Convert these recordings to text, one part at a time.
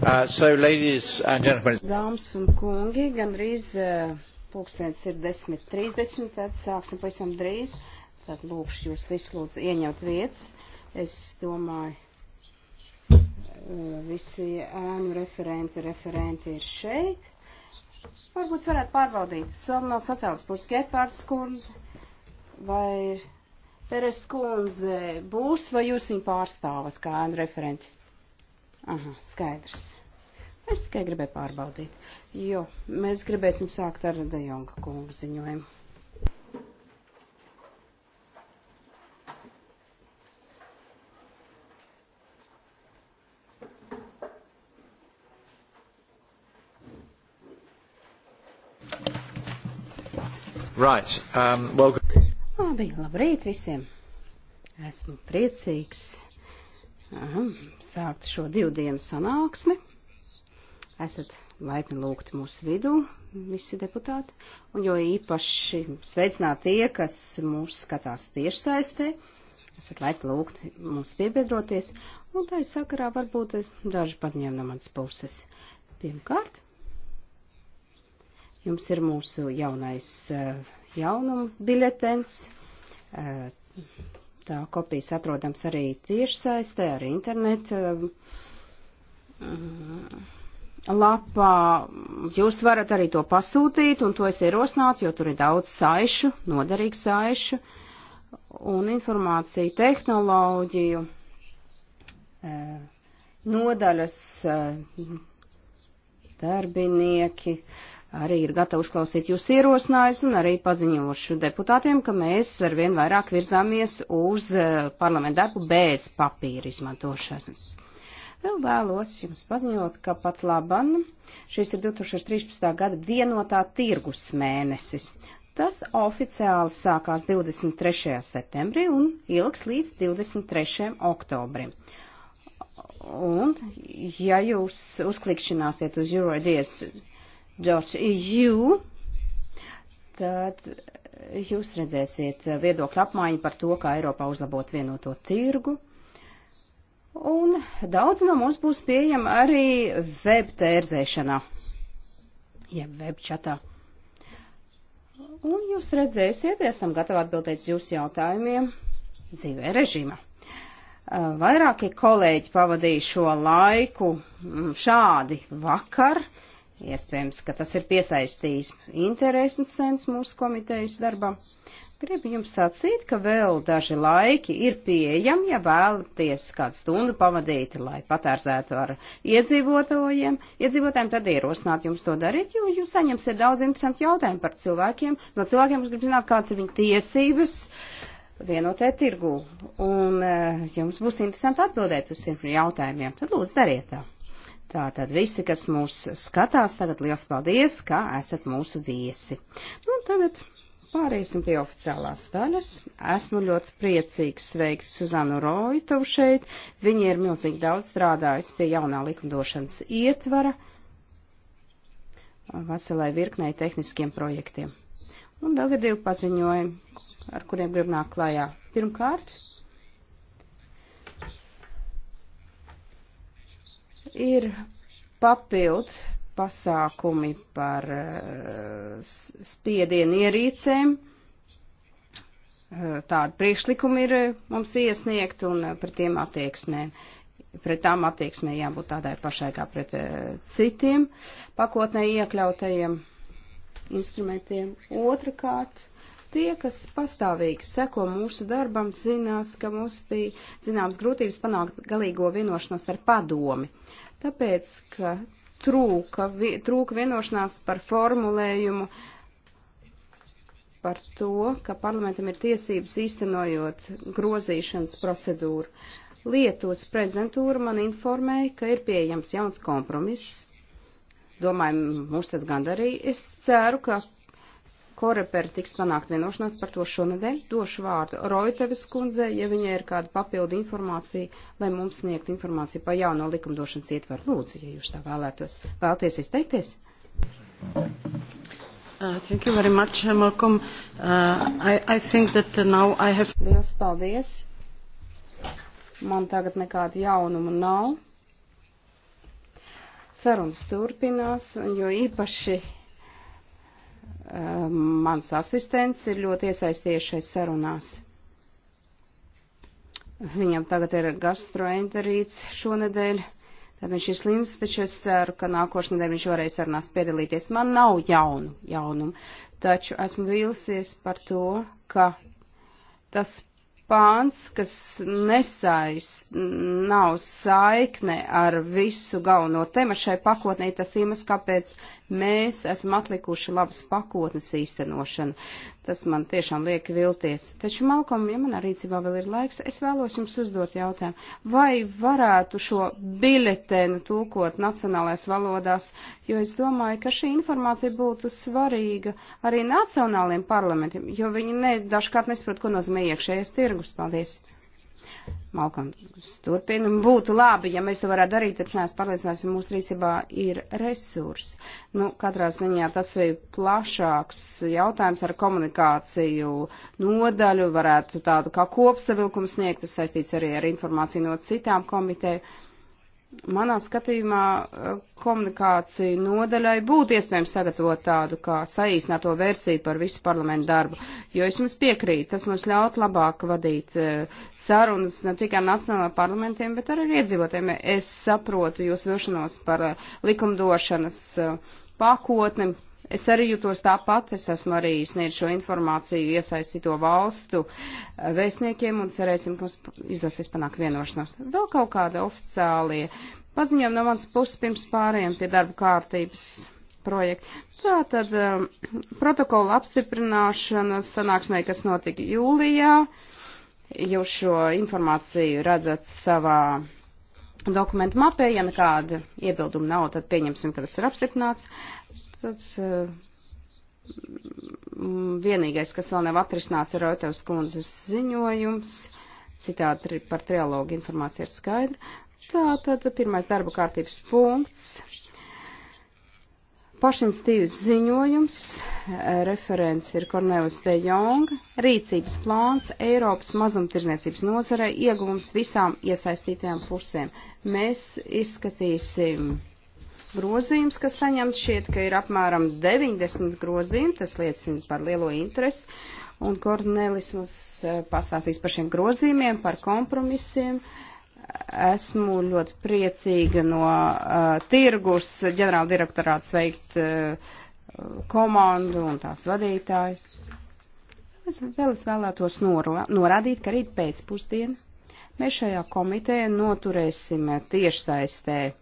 Uh, so, Dāmas un kungi, gandrīz uh, pulkstenis ir 10.30, tad sāksim pavisam drīz. Tad lūkšu jūs visus lūdzu ieņemt vietas. Es domāju, uh, visi ēnu referenti, referenti ir šeit. Varbūt varētu pārbaudīt. Som no sociālas puses Gepards kundze vai Peres kundze būs, vai jūs viņu pārstāvat kā ēnu referenti? Aha, skaidrs. Es tikai gribēju pārbaudīt, jo mēs gribēsim sākt ar Dejonga kungu ziņojumu. Right. Um, well... Labi, labrīt visiem! Esmu priecīgs Aha, sākt šo divu dienu sanāksmi. Esat laipni lūgti mūsu vidū, visi deputāti, un jo īpaši sveicināt tie, kas mūs skatās tiešsaistē, esat laipni lūgti mums piebiedroties, un tā ir sakarā varbūt daži paziņojumi no manas puses. Pirmkārt, jums ir mūsu jaunais eh, jaunums biļetens, eh, Tā kopijas atrodams arī tiešsaistē, ar internetu um, lapā. Jūs varat arī to pasūtīt, un to es ierosinātu, jo tur ir daudz saišu, noderīgu saišu un informāciju tehnoloģiju eh, nodaļas eh, darbinieki arī ir gatavi uzklausīt jūs ierosinājumus un arī paziņošu deputātiem, ka mēs arvien vairāk virzāmies uz eh, parlamentu darbu bez papīra izmantošanas. Vēl vēlos jums paziņot, ka pat laban šis ir 2013. gada vienotā tirgus mēnesis. Tas oficiāli sākās 23. septembrī un ilgs līdz 23. oktobrim. Un, ja jūs uzklikšķināsiet uz Euroidies EU, tad jūs redzēsiet viedokļu apmaiņu par to, kā Eiropā uzlabot vienoto tirgu. Un daudz no mums būs pieejama arī web tērzēšanā, jeb ja web čatā. Un jūs redzēsiet, esam gatavi atbildēt jūsu jautājumiem dzīvē režīmā. Vairāki kolēģi pavadīja šo laiku mm, šādi vakar. Uh, Iespējams, ka tas ir piesaistījis interesants mūsu komitejas darbam. Gribu jums sacīt, ka vēl daži laiki ir pieejami, ja vēlaties kādu stundu pavadīt, lai patērzētu ar iedzīvotājiem. Iedzīvotājiem tad ierosināt jums to darīt, jo jūs saņemsiet daudz interesantu jautājumu par cilvēkiem, no cilvēkiem, kas grib zināt, kādas ir viņu tiesības vienotē tirgū. Un uh, jums būs interesanti atbildēt uz šiem jautājumiem. Tad lūdzu dariet tā. Tātad visi, kas mūs skatās, tagad liels paldies, ka esat mūsu viesi. Nu, tagad pāriesim pie oficiālās daļas. Esmu ļoti priecīgs sveikt Suzanu Roitovu šeit. Viņa ir milzīgi daudz strādājusi pie jaunā likumdošanas ietvara veselai virknei tehniskiem projektiem. Un vēl ir divi paziņojumi, ar kuriem grib nākt klājā. Pirmkārt, Ir papild pasākumi par uh, spiedienu ierīcēm. Uh, tādi priekšlikumi ir eh, mums iesniegt un pret tiem attieksmēm. Pret tām attieksmē jābūt tādai pašai kā pret uh, citiem pakotnē iekļautajiem instrumentiem. Otrakārt, Tie, kas pastāvīgi seko mūsu darbam, zinās, ka mums bija zināmas grūtības panākt galīgo vienošanos ar padomi. Tāpēc, ka trūka, vi, trūka vienošanās par formulējumu, par to, ka parlamentam ir tiesības īstenojot grozīšanas procedūru. Lietuvas prezidentūra man informēja, ka ir pieejams jauns kompromiss. Domāju, mums tas gandarīja. Es ceru, ka koreperi tiks panākt vienošanās par to šonadēļ. Došu vārdu Roitevis kundze, ja viņai ir kāda papildu informācija, lai mums sniegtu informāciju par jauno likumdošanas ietvaru. Lūdzu, ja jūs tā vēlētos. Vēlties izteikties? Uh, thank you very much, uh, Malcolm. Uh, I, I think that now I have... Liels paldies. Man tagad nekāda jaunuma nav. Sarunas turpinās, jo īpaši Um, mans asistents ir ļoti iesaistījušies sarunās. Viņam tagad ir gastroenterīts šonedēļ, tad viņš ir slims, taču es ceru, ka nākošnedēļ viņš varēs sarunās piedalīties. Man nav jaunu jaunumu, taču esmu vīlusies par to, ka tas pāns, kas nesaist, nav saikne ar visu galveno tēmu šai pakotnē, tas iemesls, kāpēc mēs esam atlikuši labas pakotnes īstenošanu. Tas man tiešām liek vilties. Taču, Malkom, ja manā rīcībā vēl ir laiks, es vēlos jums uzdot jautājumu. Vai varētu šo biļetenu tulkot nacionālais valodās, jo es domāju, ka šī informācija būtu svarīga arī nacionāliem parlamentiem, jo viņi ne, dažkārt nesaprot, ko nozīmē iekšējais tirgus. Paldies! Malkams turpina. Būtu labi, ja mēs to varētu darīt, taču neesmu pārliecināts, ja mūsu rīcībā ir resursi. Nu, katrā ziņā tas ir plašāks jautājums ar komunikāciju nodaļu, varētu tādu kā kopsavilkumu sniegt, tas saistīts arī ar informāciju no citām komiteju Manā skatījumā eh, komunikācija nodaļai būtu iespējams sagatavot tādu kā saīsnāto versiju par visu parlamentu darbu, jo es jums piekrītu, tas mums ļaut labāk vadīt eh, sarunas ne tikai nacionālajiem parlamentiem, bet arī iedzīvotiem. Es saprotu jūs vilšanos par eh, likumdošanas pakotni, Es arī jūtos tāpat, es esmu arī sniedz šo informāciju iesaistīto valstu eh, vēstniekiem un cerēsim, ka mums izdosies panākt vienošanos. Vēl kaut kāda oficiālie paziņojumi no manas puses pirms pāriem pie darba kārtības projekta. Tā tad um, eh, protokola apstiprināšana sanāksmē, kas notika jūlijā. Jūs šo informāciju redzat savā dokumentu mapē, ja nekāda iebilduma nav, tad pieņemsim, ka tas ir apstiprināts. Uh, tad eh, vienīgais, kas vēl nav atrisināts, ir Roitevs kundzes ziņojums. Citādi par trialogu informācija ir skaidra. Tātad pirmais darba kārtības punkts. Pašinstīvas ziņojums, eh, referents ir Kornelis De Jong, rīcības plāns Eiropas mazumtirdzniecības nozarei, ieguvums visām iesaistītajām pusēm. Mēs izskatīsim grozījums, kas saņemts šeit, ka ir apmēram 90 grozījumi, tas liecina par lielo interesi, un Kornelis mums eh, pastāstīs par šiem grozījumiem, par kompromisiem. Esmu ļoti priecīga no uh, tirgus ģenerāla direktorāta sveikt uh, komandu un tās vadītāju. Es vēl es vēlētos noro, norādīt, ka rīt pēcpusdienu mēs šajā komitē noturēsim tiešsaistē uh,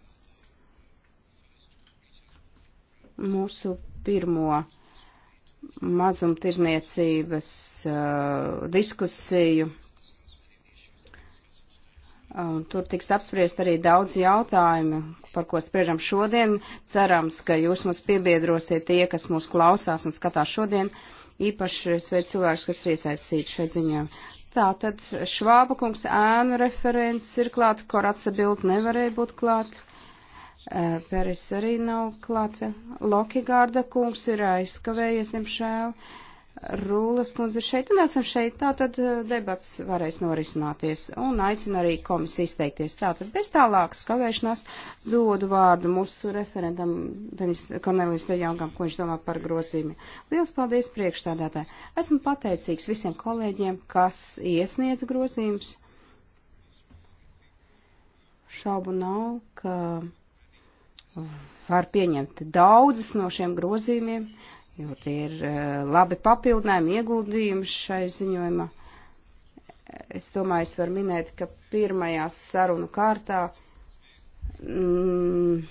mūsu pirmo mazumtirzniecības uh, diskusiju. Un tur tiks apspriest arī daudz jautājumu, par ko spriežam šodien. Cerams, ka jūs mums piebiedrosiet tie, kas mūs klausās un skatās šodien. Īpaši sveic cilvēks, kas ir iesaistīts šai ziņā. Tā tad Švāba kungs ēnu referents ir klāt, Koratsa Bild nevarēja būt klāt. Eh, Peris arī nav klāt. Lokigārda kungs ir aizkavējies, diemžēl. Rūlas kundze ir šeit un esam šeit. Tātad eh, debats varēs norisināties un aicinu arī komisiju izteikties. Tātad bez tālākas kavēšanās dodu vārdu mūsu referentam Denis Kornelis Dejaungam, ko viņš domā par grozīmi. Liels paldies priekšstādātāji. Esmu pateicīgs visiem kolēģiem, kas iesniedz grozījumus. Šaubu nav, ka var pieņemt daudzus no šiem grozījumiem, jo tie ir eh, labi papildinājumi, ieguldījumi šai ziņojumā. Es domāju, es varu minēt, ka pirmajā sarunu kārtā mm,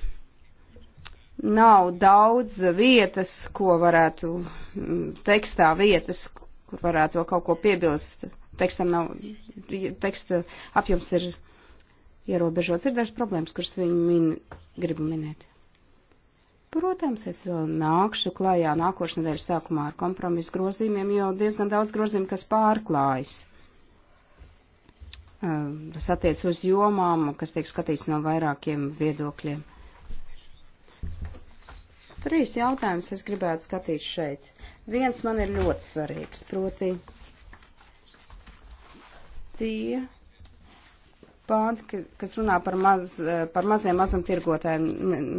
nav daudz vietas, ko varētu, mm, tekstā vietas, kur varētu vēl kaut ko piebilst. Tekstam nav, teksta apjoms ir ierobežots. Ir dažas problēmas, kuras viņi min, grib minēt. Protams, es vēl nākšu klājā nākošā nedēļas sākumā ar kompromisu grozījumiem, jo diezgan daudz grozījumu, kas pārklājas. Um, tas attiec uz jomām, kas tiek skatīts no vairākiem viedokļiem. Trīs jautājumus es gribētu skatīt šeit. Viens man ir ļoti svarīgs, proti tie pānti, kas runā par, maz, eh, par maziem mazumtirgotājiem,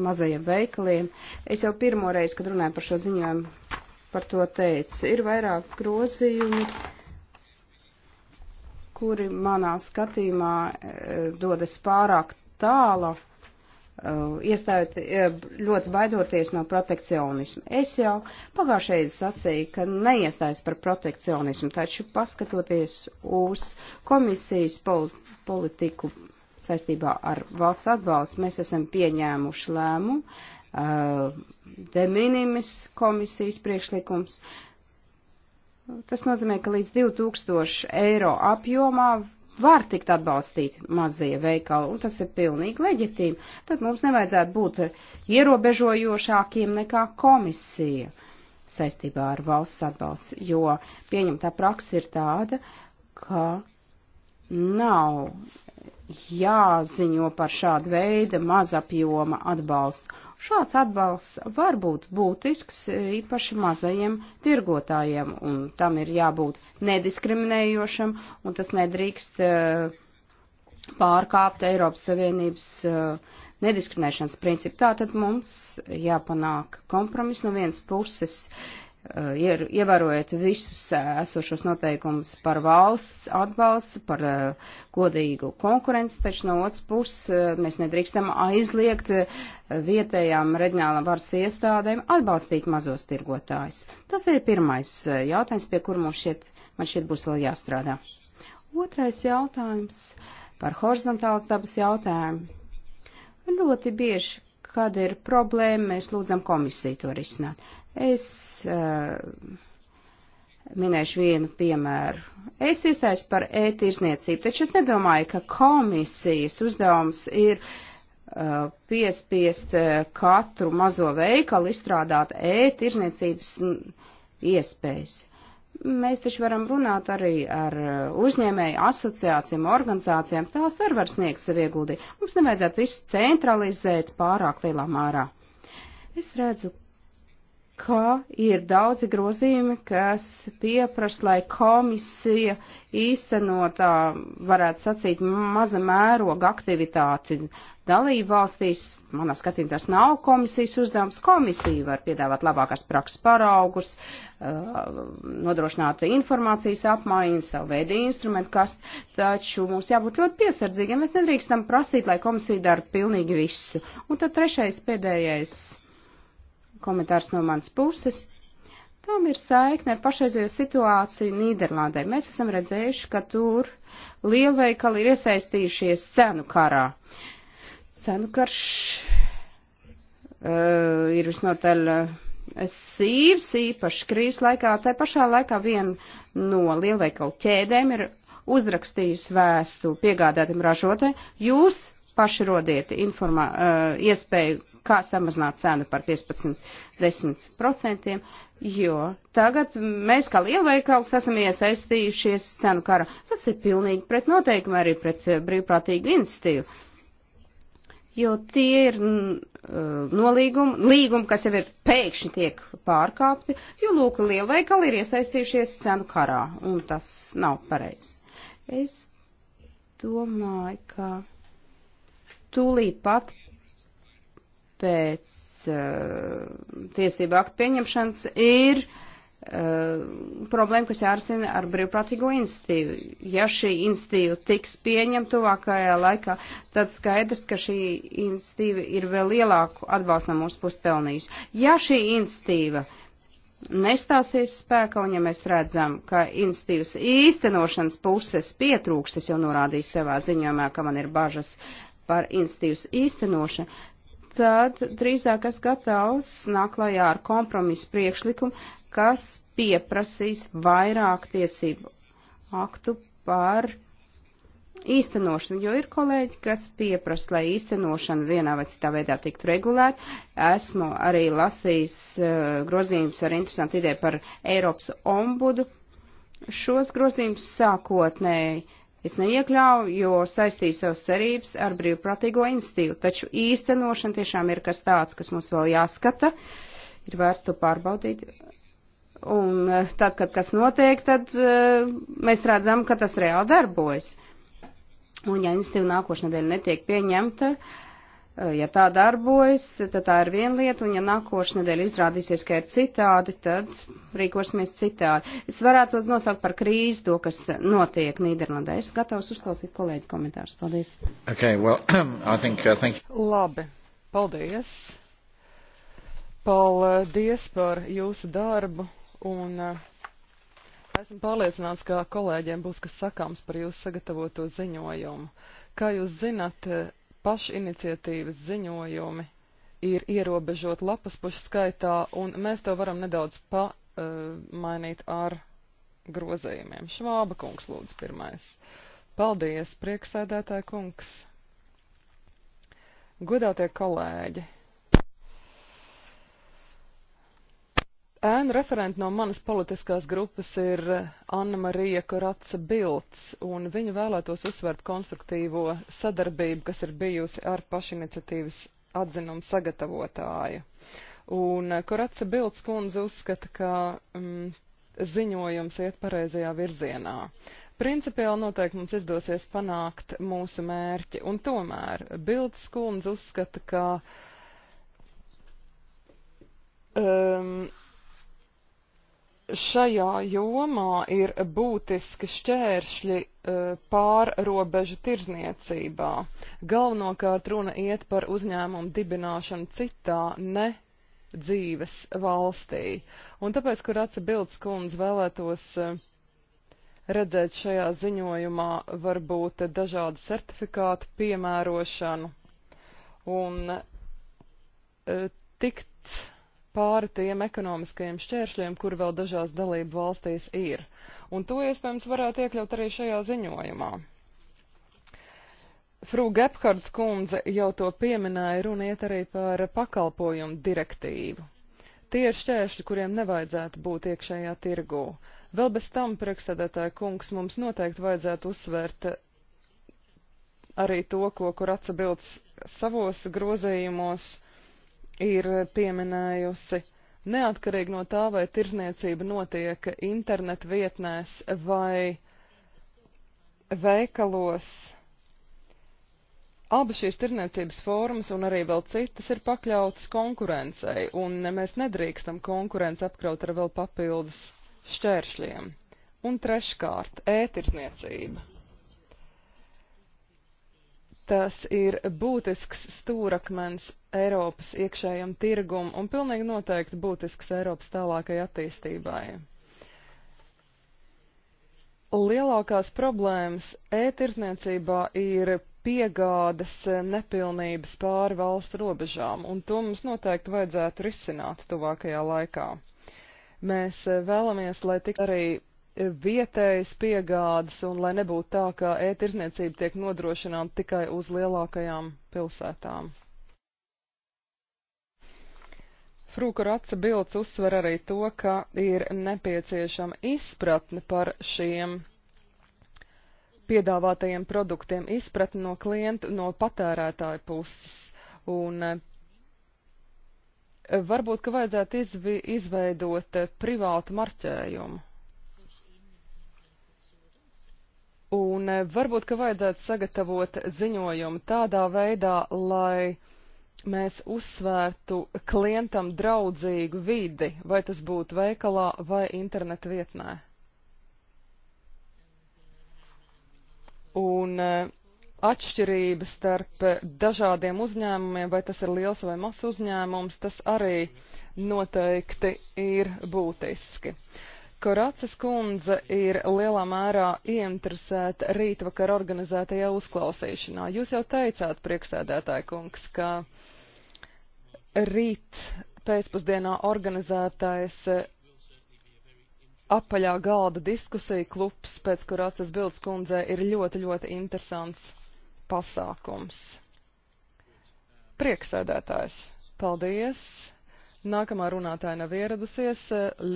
mazajiem veikaliem. Es jau pirmo reizi, kad runāju par šo ziņojumu, par to teicu. Ir vairāk grozījumi, kuri manā skatījumā eh, dodas pārāk tālu Uh, iestājot, uh, ļoti baidoties no protekcionismu. Es jau pagājušajā sacīju, ka neiestājas par protekcionismu, taču paskatoties uz komisijas politiku saistībā ar valsts atbalstu, mēs esam pieņēmuši lēmumu, uh, de minimis komisijas priekšlikums. Tas nozīmē, ka līdz 2000 eiro apjomā var tikt atbalstīti mazie veikali, un tas ir pilnīgi leģitīmi, tad mums nevajadzētu būt ierobežojošākiem nekā komisija saistībā ar valsts atbalsts, jo pieņemtā praksa ir tāda, ka nav jāziņo par šādu veidu mazapjoma atbalstu. Šāds atbalsts var būt būtisks īpaši mazajiem tirgotājiem, un tam ir jābūt nediskriminējošam, un tas nedrīkst eh, pārkāpt Eiropas Savienības eh, nediskriminēšanas principu. Tātad mums jāpanāk kompromis no vienas puses Eh, ievērojot visus eh, esošos noteikumus par valsts atbalstu, par eh, godīgu konkurenci, taču no otras puses mēs nedrīkstam aizliegt vietējām reģionālām varas iestādēm atbalstīt mazos tirgotājus. Tas ir pirmais jautājums, pie kura mums šeit, man šeit būs vēl jāstrādā. Otrais jautājums par horizontālas dabas jautājumu. Ļoti bieži, kad ir problēma, mēs lūdzam komisiju to risināt. Es uh, minēšu vienu piemēru. Es iestājos par e-tirzniecību, taču es nedomāju, ka komisijas uzdevums ir uh, piespiest uh, katru mazo veikalu izstrādāt e-tirzniecības iespējas. Mēs taču varam runāt arī ar uzņēmēju asociācijām, organizācijām, tās arī var sniegt savu ieguldījumu. Mums nevajadzētu visu centralizēt pārāk lielā mērā. Es redzu, ka ir daudzi grozījumi, kas pieprasa, lai komisija īstenotā, varētu sacīt, maza mēroga aktivitāti dalību valstīs. Manā skatījumā tas nav komisijas uzdevums. Komisija var piedāvāt labākās prakses paraugus, uh, nodrošināt informācijas apmaiņu, savu veidu instrumentu, kas taču mums jābūt ļoti piesardzīgiem. Mēs nedrīkstam prasīt, lai komisija dara pilnīgi visu. Un tad trešais, pēdējais komentārs no manas puses. Tam ir saikne ar pašreizējo situāciju Nīderlandē. Mēs esam redzējuši, ka tur lielveikali ir iesaistījušies cenu karā. Cenu karš uh, ir visnotaļ uh, sīvs, īpaši krīzes laikā. Tā pašā laikā viena no lielveikalu ķēdēm ir uzrakstījusi vēstuli piegādātam ražotē. Jūs paši rodiet informā, eh, iespēju, kā samazināt cenu par 15-10%, jo tagad mēs kā lielveikals esam iesaistījušies cenu kara. Tas ir pilnīgi pret noteikumu arī pret eh, brīvprātīgu institīvu. Jo tie ir eh, nolīgumi, līgumi, kas jau ir pēkšņi tiek pārkāpti, jo lūk, lielveikali ir iesaistījušies cenu karā, un tas nav pareizi. Es domāju, ka tūlīt pat pēc uh, tiesību aktu pieņemšanas ir uh, problēma, kas jārisina ar brīvprātīgo institīvu. Ja šī institīva tiks pieņemta tuvākajā laikā, tad skaidrs, ka šī institīva ir vēl lielāku atbalstu no mūsu puses pelnījusi. Ja šī institīva nestāsies spēkā, un ja mēs redzam, ka institīvas īstenošanas puses pietrūkstas, jau norādīju savā ziņojumā, ka man ir bažas uh, par institīvas īstenošanu, tad drīzāk es gatavs nāklājā ar kompromisu priekšlikumu, kas pieprasīs vairāk tiesību aktu par īstenošanu, jo ir kolēģi, kas pieprasa, lai īstenošana vienā vai citā veidā tiktu regulēta. Esmu arī lasījis uh, grozījumus ar interesantu ideju par Eiropas ombudu. Šos grozījumus sākotnēji Es neiekļauju, jo saistīju savas cerības ar brīvprātīgo institīvu, taču īstenošana tiešām ir kas tāds, kas mums vēl jāskata, ir vērts to pārbaudīt. Un eh, tad, kad kas notiek, tad uh, mēs redzam, ka tas reāli darbojas. Un ja institīva nākošanā nedēļa netiek pieņemta, uh, Eh, ja tā darbojas, tad tā ir viena lieta, un ja nākošais nedēļa izrādīsies, ka ir citādi, tad rīkosimies citādi. Es varētu to nosaukt par krīzi, to, kas notiek Nīderlandē. Es gatavs uzklausīt kolēģi komentārus. Paldies. Okay, well, I think, uh, thank you. Labi, paldies. Paldies par jūsu darbu, un uh, esmu pārliecināts, ka kolēģiem būs kas sakāms par jūsu sagatavoto ziņojumu. Kā jūs zinat, uh, pašiniciatīvas ziņojumi ir ierobežot lapas pušu skaitā, un mēs to varam nedaudz pamainīt eh, ar grozījumiem. Švāba kungs lūdzu pirmais. Paldies, prieksēdētāja kungs. Godātie kolēģi! Ēnu referenti no manas politiskās grupas ir eh, Anna Marija Koratsa Bilds, un viņa vēlētos uzsvērt konstruktīvo sadarbību, kas ir bijusi ar pašiniciatīvas atzinumu sagatavotāju. Un eh, Koratsa Bilds kundze uzskata, ka mm, ziņojums iet pareizajā virzienā. Principiāli noteikti mums izdosies panākt mūsu mērķi, un tomēr Bilds kundze uzskata, ka um, šajā jomā ir būtiski šķēršļi e, pārrobežu tirzniecībā. Galvenokārt runa iet par uzņēmumu dibināšanu citā ne dzīves valstī. Un tāpēc, kur atsebildes kundze vēlētos e, redzēt šajā ziņojumā, varbūt dažādu certifikātu piemērošanu un e, tikt pāri tiem ekonomiskajiem šķēršļiem, kuri vēl dažās dalību valstīs ir. Un to iespējams varētu iekļaut arī šajā ziņojumā. Frū Gephards kundze jau to pieminēja, runiet arī par pakalpojumu direktīvu. Tie ir šķēršļi, kuriem nevajadzētu būt iekšējā tirgū. Vēl bez tam, priekšsēdētāja kungs, mums noteikti vajadzētu uzsvērt arī to, ko kur atsebilds savos grozījumos ir pieminējusi. Neatkarīgi no tā, vai tirzniecība notiek internet vietnēs vai veikalos, abas šīs tirzniecības formas un arī vēl citas ir pakļautas konkurencei, un mēs nedrīkstam konkurenci apkraut ar vēl papildus šķēršļiem. Un treškārt, ētirzniecība. E Tas ir būtisks stūrakmens Eiropas iekšējam tirgum un pilnīgi noteikti būtisks Eiropas tālākai attīstībai. Lielākās problēmas e-tirdzniecībā ir piegādas nepilnības pāri valstu robežām, un to mums noteikti vajadzētu risināt tuvākajā laikā. Mēs eh, vēlamies, lai tik arī vietējas piegādes un lai nebūtu tā, ka ētirzniecība tiek nodrošināta tikai uz lielākajām pilsētām. Frūkurāca bilds uzsver arī to, ka ir nepieciešama izpratne par šiem piedāvātajiem produktiem, izpratne no klientu, no patērētāju puses. Un eh, varbūt, ka vajadzētu izvi, izveidot eh, privātu marķējumu. Un eh, varbūt, ka vajadzētu sagatavot ziņojumu tādā veidā, lai mēs uzsvērtu klientam draudzīgu vidi, vai tas būtu veikalā vai internetu vietnē. Un eh, atšķirība starp dažādiem uzņēmumiem, vai tas ir liels vai mazs uzņēmums, tas arī noteikti ir būtiski. Uh, Koracas kundze ir lielā mērā ieinteresēta rītvakar organizētajā uzklausīšanā. Jūs jau teicāt, priekšsēdētāja kungs, ka rīt pēcpusdienā organizētais apaļā galda diskusija klubs, pēc Koracas bildes kundze ir ļoti, ļoti interesants pasākums. Prieksēdētājs, paldies! Nākamā runātāja nav ieradusies.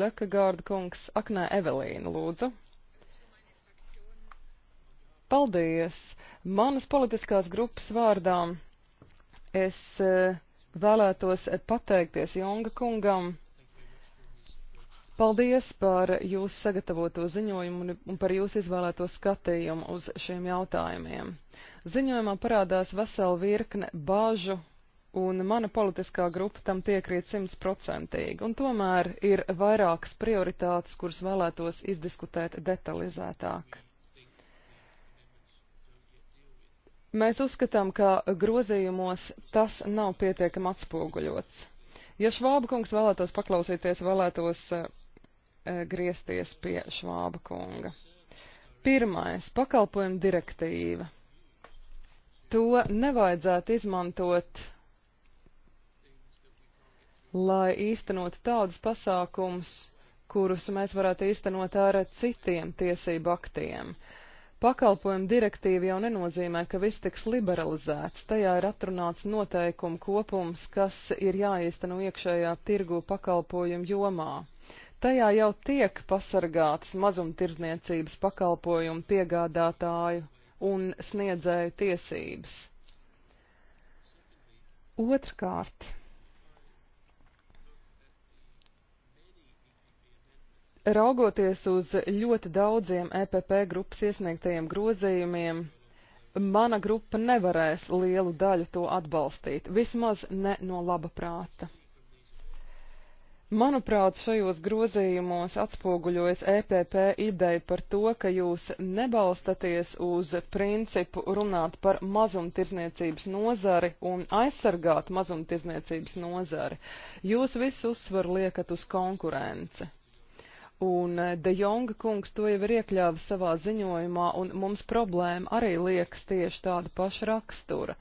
Lekagārda kungs, aknē Evelīna, lūdzu. Paldies! Manas politiskās grupas vārdām es e, vēlētos pateikties Jonga kungam. Paldies par jūsu sagatavoto ziņojumu un par jūsu izvēlēto skatījumu uz šiem jautājumiem. Ziņojumā parādās vesela virkne bāžu un mana politiskā grupa tam piekrīt simtprocentīgi, un tomēr ir vairākas prioritātes, kuras vēlētos izdiskutēt detalizētāk. Mēs uzskatām, ka grozījumos tas nav pietiekami atspoguļots. Ja Švāba kungs vēlētos paklausīties, vēlētos e, e griezties pie Švāba kunga. Pirmais - pakalpojuma direktīva. To nevajadzētu izmantot lai īstenot tādus pasākums, kurus mēs varētu īstenot ar citiem tiesību aktiem. Pakalpojumu direktīva jau nenozīmē, ka viss tiks liberalizēts. Tajā ir atrunāts noteikumu kopums, kas ir jāīsteno iekšējā tirgu pakalpojumu jomā. Tajā jau tiek pasargātas mazumtirdzniecības pakalpojumu piegādātāju un sniedzēju tiesības. Otrkārt, Raugoties uz ļoti daudziem EPP grupas iesniegtajiem grozījumiem, mana grupa nevarēs lielu daļu to atbalstīt, vismaz ne no laba prāta. Manuprāt, šajos grozījumos atspoguļojas EPP ideja par to, ka jūs nebalstaties uz principu runāt par mazumtirdzniecības nozari un aizsargāt mazumtirdzniecības nozari. Jūs visu uzsvaru liekat uz konkurenci. Un eh, De Jonga kungs to jau ir iekļāvis savā ziņojumā, un mums problēma arī liekas tieši tāda paša rakstura.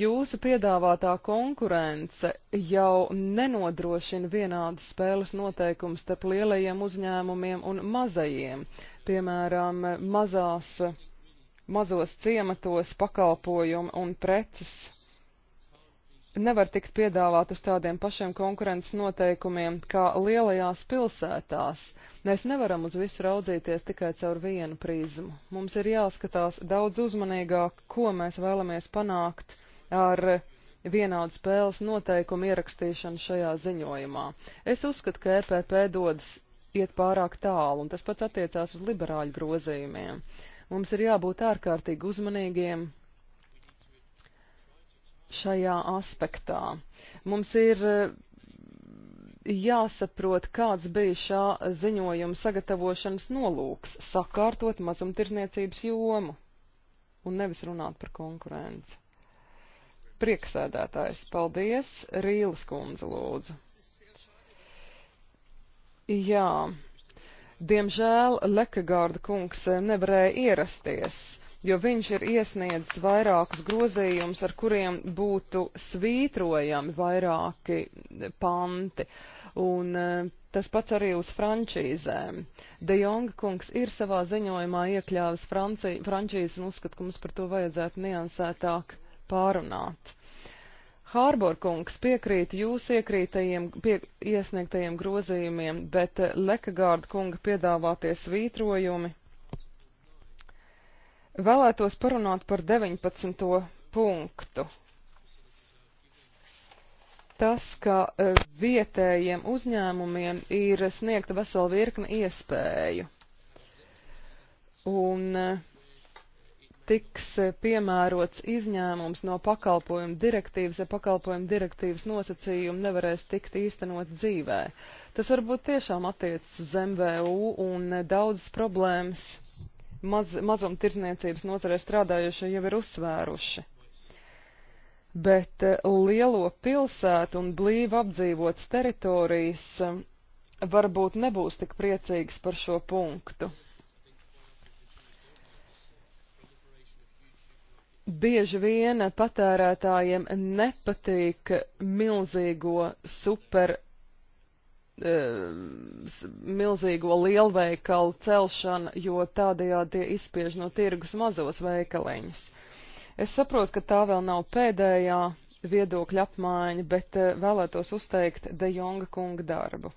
Jūsu piedāvātā konkurence jau nenodrošina vienādas spēles noteikumus starp lielajiem uzņēmumiem un mazajiem. Piemēram, mazās, mazos ciematos pakalpojumi un preces nevar tikt piedāvāt uz tādiem pašiem konkurences noteikumiem kā lielajās pilsētās. Mēs nevaram uz visu raudzīties tikai caur vienu prizmu. Mums ir jāskatās daudz uzmanīgāk, ko mēs vēlamies panākt ar vienādu spēles noteikumu ierakstīšanu šajā ziņojumā. Es uzskatu, ka EPP dodas iet pārāk tālu, un tas pats attiecās uz liberāļu grozījumiem. Mums ir jābūt ārkārtīgi uzmanīgiem, šajā aspektā. Mums ir eh, jāsaprot, kāds bija šā ziņojuma sagatavošanas nolūks - sakārtot mazumtirdzniecības jomu un nevis runāt par konkurenci. Prieksēdētājs, paldies, Rīles kundze lūdzu. Jā, diemžēl Lekagārda kungs nevarēja ierasties jo viņš ir iesniedzis vairākus grozījumus, ar kuriem būtu svītrojami vairāki panti. Un eh, tas pats arī uz frančīzēm. De Jonga kungs ir savā ziņojumā iekļāvis frančīzes un uzskat, ka mums par to vajadzētu niansētāk pārunāt. Hārborkungs piekrīt jūs iekrītajiem, pie, iesniegtajiem grozījumiem, bet eh, Lekagārda kunga piedāvāties svītrojumi Vēlētos parunāt par 19. punktu. Tas, ka e, vietējiem uzņēmumiem ir sniegta vesela virkne iespēju. Un e, tiks e, piemērots izņēmums no pakalpojumu direktīvas, ja pakalpojumu direktīvas nosacījumi nevarēs tikt īstenot dzīvē. Tas varbūt tiešām attiecas uz MVU un daudzas problēmas maz, mazumtirdzniecības nozarē strādājušie jau ir uzsvēruši. Bet eh, lielo pilsētu un blīvi apdzīvotas teritorijas eh, varbūt nebūs tik priecīgas par šo punktu. Bieži vien patērētājiem nepatīk milzīgo super Eh, milzīgo lielveikalu celšana, jo tādējādi tie izspiež no tirgus mazos veikaliņus. Es saprotu, ka tā vēl nav pēdējā viedokļa apmaiņa, bet eh, vēlētos uzteikt De Jonga kunga darbu.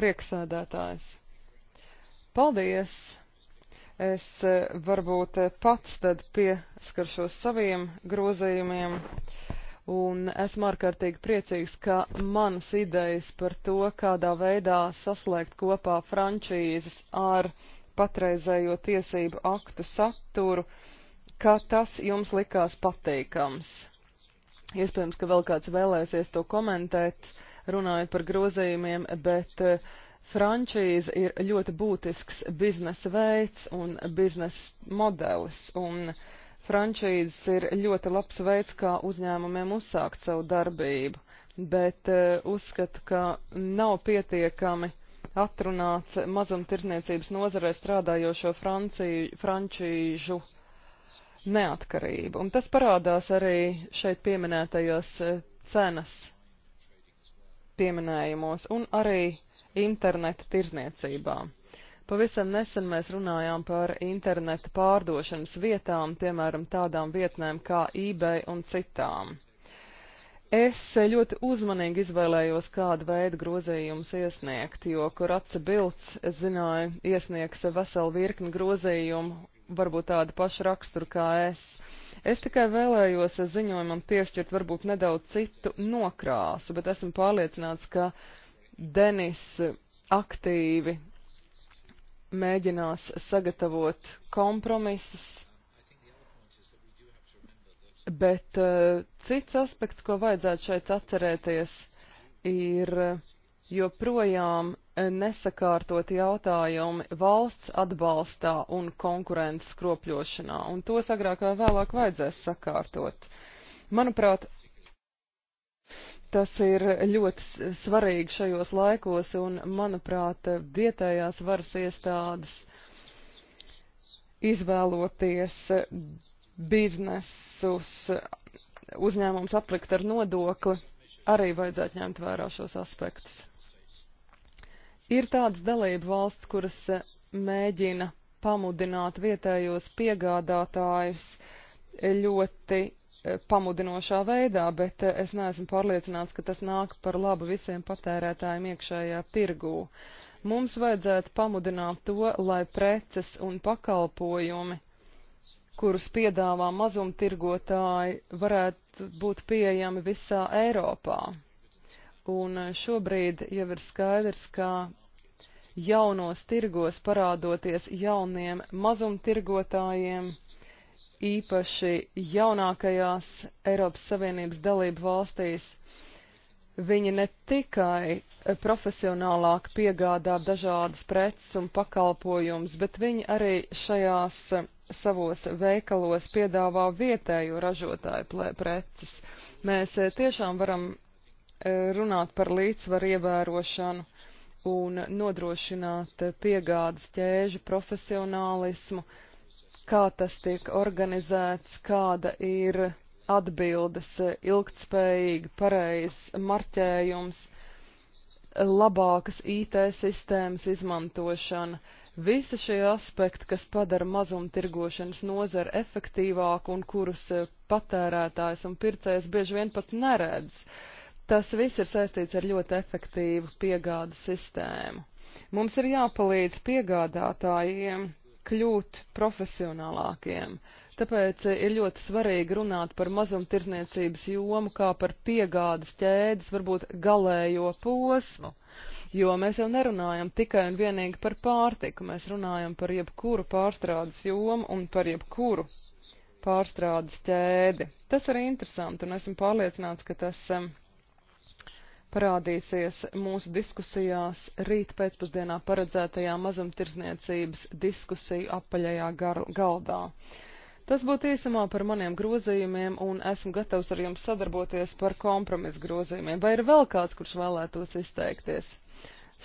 Prieksēdētājs. Paldies! Es eh, varbūt pats tad pieskaršos saviem grozījumiem un esmu ārkārtīgi priecīgs, ka manas idejas par to, kādā veidā saslēgt kopā frančīzes ar patreizējo tiesību aktu saturu, ka tas jums likās patīkams. Iespējams, ka vēl kāds vēlēsies to komentēt, runājot par grozījumiem, bet uh, frančīze ir ļoti būtisks biznesa veids un biznesa modelis. Un uh, Frančīzes ir ļoti labs veids, kā uzņēmumiem uzsākt savu darbību, bet uh, e, uzskatu, ka nav pietiekami atrunāts mazumtirdzniecības nozarē strādājošo Franciju, frančīžu neatkarību. Un tas parādās arī šeit pieminētajos e, cenas pieminējumos un arī interneta tirzniecībā. Pavisam nesen mēs runājām par interneta pārdošanas vietām, piemēram, tādām vietnēm kā eBay un citām. Es ļoti uzmanīgi izvēlējos, kādu veidu grozījumus iesniegt, jo Koratsa Bilds, es zināju, iesniegs veselu virkni grozījumu, varbūt tādu pašu raksturu kā es. Es tikai vēlējos ziņojumam piešķirt varbūt nedaudz citu nokrāsu, bet esmu pārliecināts, ka Denis aktīvi mēģinās sagatavot kompromisus, bet uh, cits aspekts, ko vajadzētu šeit atcerēties, ir eh, joprojām eh, nesakārtot jautājumi valsts atbalstā un konkurences kropļošanā, un tos agrāk vai vēlāk vajadzēs sakārtot. Manuprāt, Tas ir ļoti svarīgi šajos laikos, un, manuprāt, vietējās varas iestādes izvēloties biznesus uzņēmums aplikt ar nodokli, arī vajadzētu ņemt vērā šos aspektus. Ir tādas dalību valsts, kuras mēģina pamudināt vietējos piegādātājus ļoti Eh, pamudinošā veidā, bet eh, es neesmu pārliecināts, ka tas nāk par labu visiem patērētājiem iekšējā tirgū. Mums vajadzētu pamudināt to, lai preces un pakalpojumi, kurus piedāvā mazumtirgotāji, varētu būt pieejami visā Eiropā. Un eh, šobrīd jau ir skaidrs, ka jaunos tirgos parādoties jauniem mazumtirgotājiem, īpaši jaunākajās Eiropas Savienības dalību valstīs, viņi ne tikai profesionālāk piegādā dažādas preces un pakalpojumus, bet viņi arī šajās savos veikalos piedāvā vietējo ražotāju preces. Mēs eh, tiešām varam eh, runāt par līdzsvaru ievērošanu un nodrošināt eh, piegādes ķēžu profesionālismu, uh, kā tas tiek organizēts, kāda ir atbildes ilgtspējīga, pareizs marķējums, labākas IT sistēmas izmantošana. Visi šie aspekti, kas padara mazumtirgošanas nozari efektīvāku un kurus eh, patērētājs un pircējs bieži vien pat neredz, tas viss ir saistīts ar ļoti efektīvu piegādes sistēmu. Mums ir jāpalīdz piegādātājiem kļūt profesionālākiem. Tāpēc ir ļoti svarīgi runāt par mazumtirdzniecības jomu kā par piegādes ķēdes, varbūt galējo posmu. Jo mēs jau nerunājam tikai un vienīgi par pārtiku, mēs runājam par jebkuru pārstrādes jomu un par jebkuru pārstrādes ķēdi. Tas arī interesanti, un esmu pārliecināts, ka tas um, parādīsies mūsu diskusijās rīt pēcpusdienā paredzētajā mazumtirdzniecības diskusiju apaļajā galdā. Tas būtu īsumā par maniem grozījumiem, un esmu gatavs ar jums sadarboties par kompromisu grozījumiem. Vai ir vēl kāds, kurš vēlētos izteikties?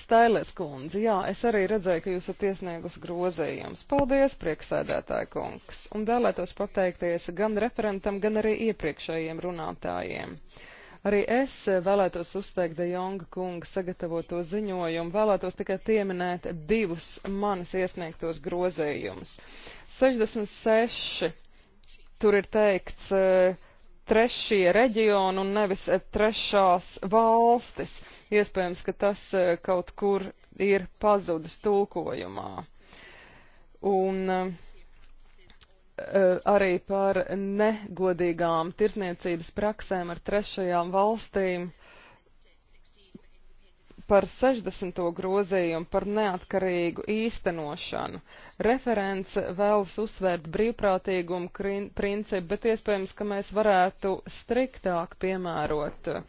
Stailers kundze, jā, es arī redzēju, ka jūs esat iesniegusi grozījums. Paldies, prieksēdētāja kungs, un vēlētos pateikties gan referentam, gan arī iepriekšējiem runātājiem. Arī es vēlētos uzteikt De Jonga kunga sagatavoto ziņojumu, vēlētos tikai pieminēt divus manis iesniegtos grozējumus. 66. Tur ir teikts eh, trešie reģioni un nevis eh, trešās valstis. Iespējams, ka tas eh, kaut kur ir pazudis tulkojumā. Un uh, Eh, arī par negodīgām tirsniecības praksēm ar trešajām valstīm, par 60. grozījumu par neatkarīgu īstenošanu. Referents vēlas uzsvērt brīvprātīgumu principu, bet iespējams, ka mēs varētu striktāk piemērot uh,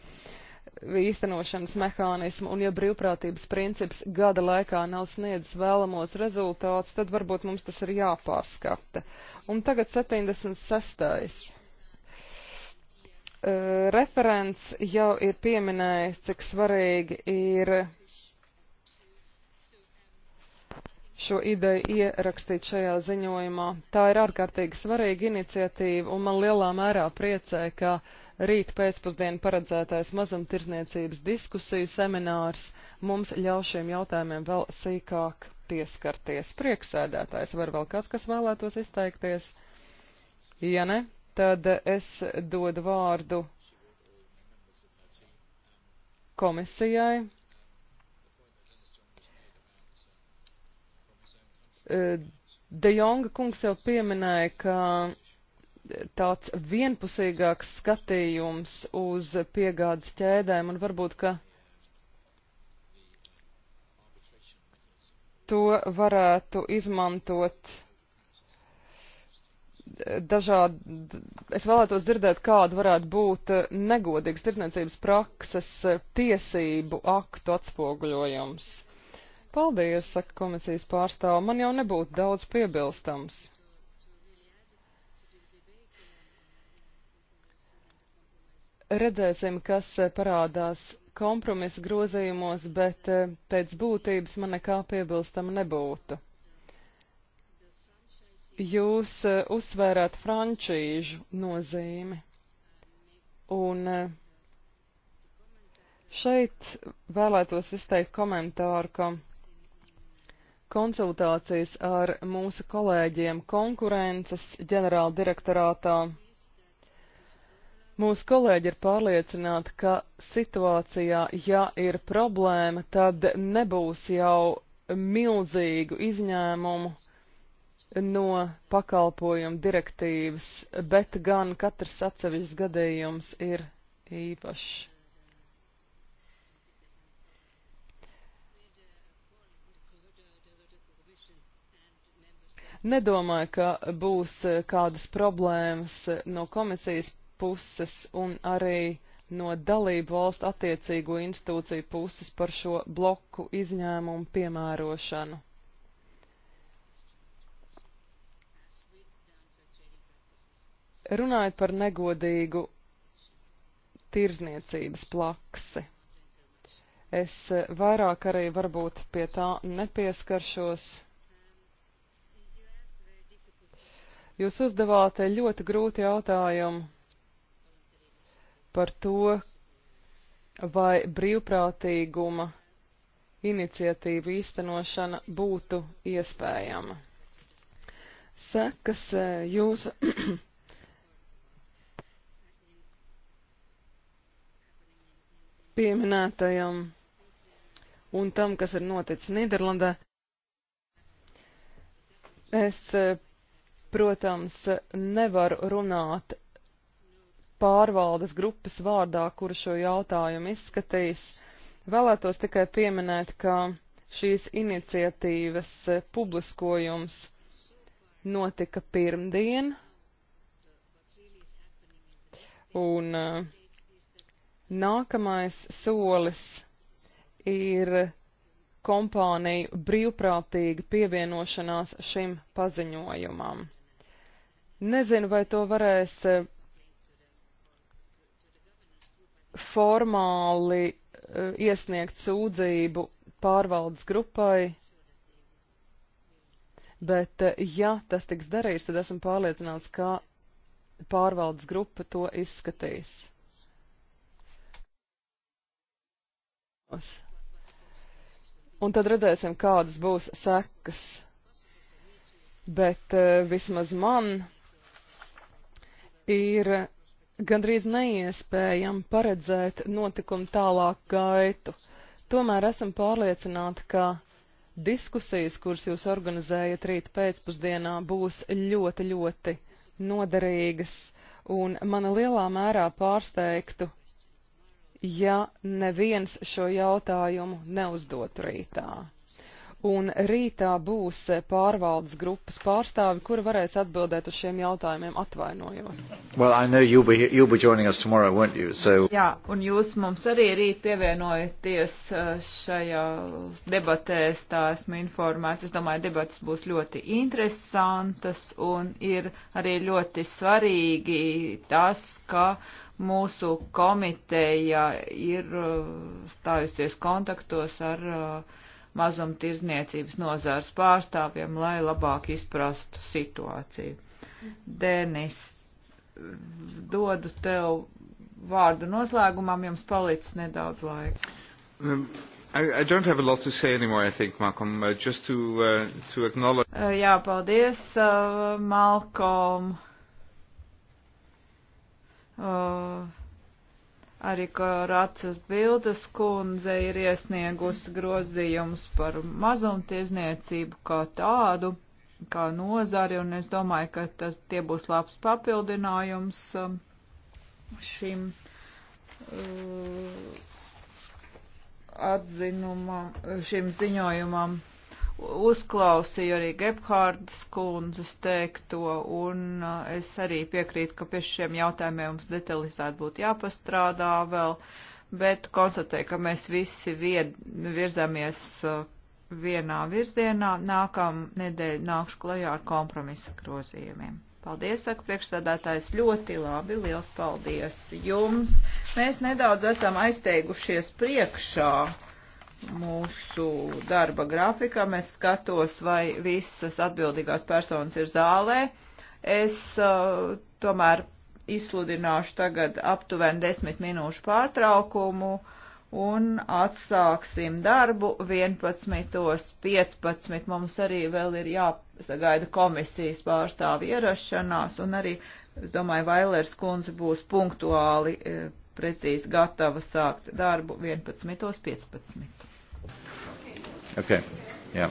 īstenošanas mehānismu, un ja brīvprātības princips gada laikā nav sniedzis vēlamos rezultātus, tad varbūt mums tas ir jāpārskata. Un tagad 76. Uh, referents jau ir pieminējis, cik svarīgi ir šo ideju ierakstīt šajā ziņojumā. Tā ir ārkārtīgi svarīga iniciatīva, un man lielā mērā priecē, ka uh, Rīt pēcpusdienu paredzētais mazumtirdzniecības diskusiju seminārs mums ļauj šiem jautājumiem vēl sīkāk pieskarties. Prieksēdētājs var vēl kāds, kas vēlētos izteikties? Ja ne, tad es dodu vārdu komisijai. Eh, De Jonga kungs jau pieminēja, ka tāds vienpusīgāks skatījums uz piegādes ķēdēm un varbūt, ka to varētu izmantot dažādi, es vēlētos dzirdēt, kāda varētu būt negodīgas tirdzniecības prakses tiesību aktu atspoguļojums. Paldies, saka komisijas pārstāv, man jau nebūtu daudz piebilstams. Redzēsim, kas eh, parādās kompromisa grozījumos, bet eh, pēc būtības man nekā piebilstam nebūtu. Jūs eh, uzsvērāt frančīžu nozīmi. Un šeit vēlētos izteikt komentāru, ka konsultācijas ar mūsu kolēģiem konkurences ģenerāldirektorātā direktorātā Mūsu kolēģi ir pārliecināti, ka situācijā, ja ir problēma, tad nebūs jau milzīgu izņēmumu no pakalpojumu direktīvas, bet gan katrs atsevišķs gadījums ir īpašs. Nedomāju, ka būs kādas problēmas no komisijas puses un arī no dalību valstu attiecīgo institūciju puses par šo bloku izņēmumu piemērošanu. Runājot par negodīgu tirzniecības plaksi, es vairāk arī varbūt pie tā nepieskaršos. Jūs uzdevāt ļoti grūti jautājumu par to, vai brīvprātīguma iniciatīva īstenošana būtu iespējama. Sekas eh, jūsu pieminētajam un tam, kas ir noticis Nīderlandē. Es, eh, protams, nevaru runāt pārvaldes grupas vārdā, kura šo jautājumu izskatīs, vēlētos tikai pieminēt, ka šīs iniciatīvas e, publiskojums notika pirmdien, un e, nākamais solis ir kompāniju brīvprātīga pievienošanās šim paziņojumam. Nezinu, vai to varēs e, formāli e, iesniegt sūdzību pārvaldes grupai, bet e, ja tas tiks darīts, tad esmu pārliecināts, ka pārvaldes grupa to izskatīs. Un tad redzēsim, kādas būs sekas. Bet e, vismaz man ir gandrīz neiespējami paredzēt notikumu tālāku gaitu. Tomēr esam pārliecināti, ka diskusijas, kuras jūs organizējat rīt pēcpusdienā, būs ļoti, ļoti noderīgas, un mani lielā mērā pārsteigtu, ja neviens šo jautājumu neuzdotu rītā un rītā būs pārvaldes grupas pārstāvi, kuri varēs atbildēt uz šiem jautājumiem atvainojot. Well, you'll be, you'll be tomorrow, you? so... Jā, un jūs mums arī rīt pievienojaties eh, šajā debatēs, tā esmu informēts. Es domāju, debatas būs ļoti interesantas un ir arī ļoti svarīgi tas, ka mūsu komiteja ir eh, stājusies kontaktos ar uh, mazumtirzniecības nozāras pārstāvjiem, lai labāk izprastu situāciju. Denis, dodu tev vārdu noslēgumam, jums palicis nedaudz laika. Um. I, I don't have a lot to say anymore, I think, Malcolm. Uh, just to, uh, to acknowledge. Uh, jā, paldies, uh, Malcolm. Uh, Arī Rācas Bildes kundze ir iesniegusi grozījumus par mazumtiesniecību kā tādu, kā nozari, un es domāju, ka tas, tie būs labs papildinājums um, šim uh, atzinumam, šim ziņojumam uzklausīju arī Gebhārdas kundzes teikto, un uh, es arī piekrītu, ka pie šiem jautājumiem mums detalizēti būtu jāpastrādā vēl, bet konstatēju, ka mēs visi vied, virzamies uh, vienā virzienā. Nākam nedēļ nākšu klajā ar kompromisa grozījumiem. Paldies, saka priekšstādātājs, ļoti labi, liels paldies jums. Mēs nedaudz esam aizteigušies priekšā mūsu darba grafikam. Es skatos, vai visas atbildīgās personas ir zālē. Es uh, tomēr izsludināšu tagad aptuveni desmit minūšu pārtraukumu un atsāksim darbu 11.15. Mums arī vēl ir jāsagaida komisijas pārstāvi ierašanās un arī, es domāju, Vailers kundze būs punktuāli eh, precīzi gatava sākt darbu 11.15. Okay. Yeah.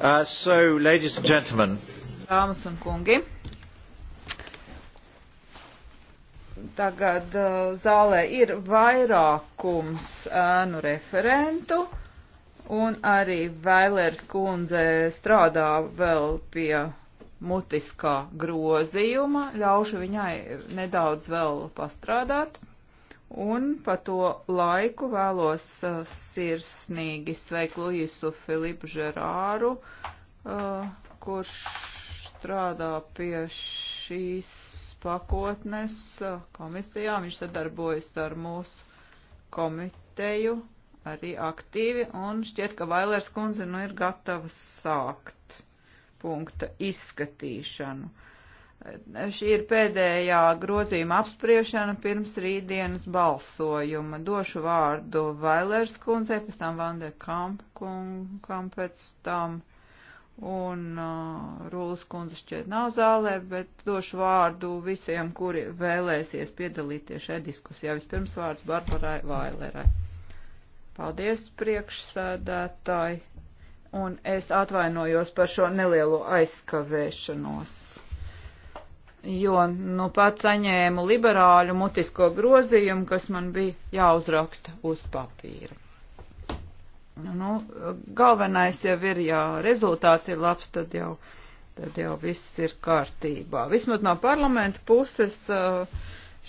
Uh, so, ladies and gentlemen. Dāmas un kungi. Tagad uh, zālē ir vairākums ēnu referentu, un arī Vailers kundze strādā vēl pie mutiskā grozījuma, ļaušu viņai nedaudz vēl pastrādāt, un pa to laiku vēlos uh, sirsnīgi sveikt Luisu Filipu Žerāru, uh, kurš strādā pie šīs pakotnes uh, komisijā, viņš sadarbojas ar mūsu komiteju arī aktīvi, un šķiet, ka Vailers kundze nu ir gatava sākt punkta izskatīšanu. Šī ir pēdējā grozījuma apspriešana pirms rītdienas balsojuma. Došu vārdu Vailers kundzei, pēc tam Vande Kamp kungam, pēc tam un uh, Rūlas kundze šķiet nav zālē, bet došu vārdu visiem, kuri vēlēsies piedalīties šajā diskusijā. Vispirms vārds Barbarai Vailerai. Paldies, priekšsēdētāji! un es atvainojos par šo nelielo aizkavēšanos. Jo nu pat saņēmu liberāļu mutisko grozījumu, kas man bija jāuzraksta uz papīra. Nu, galvenais jau ir, ja rezultāts ir labs, tad jau, tad jau viss ir kārtībā. Vismaz no parlamenta puses uh,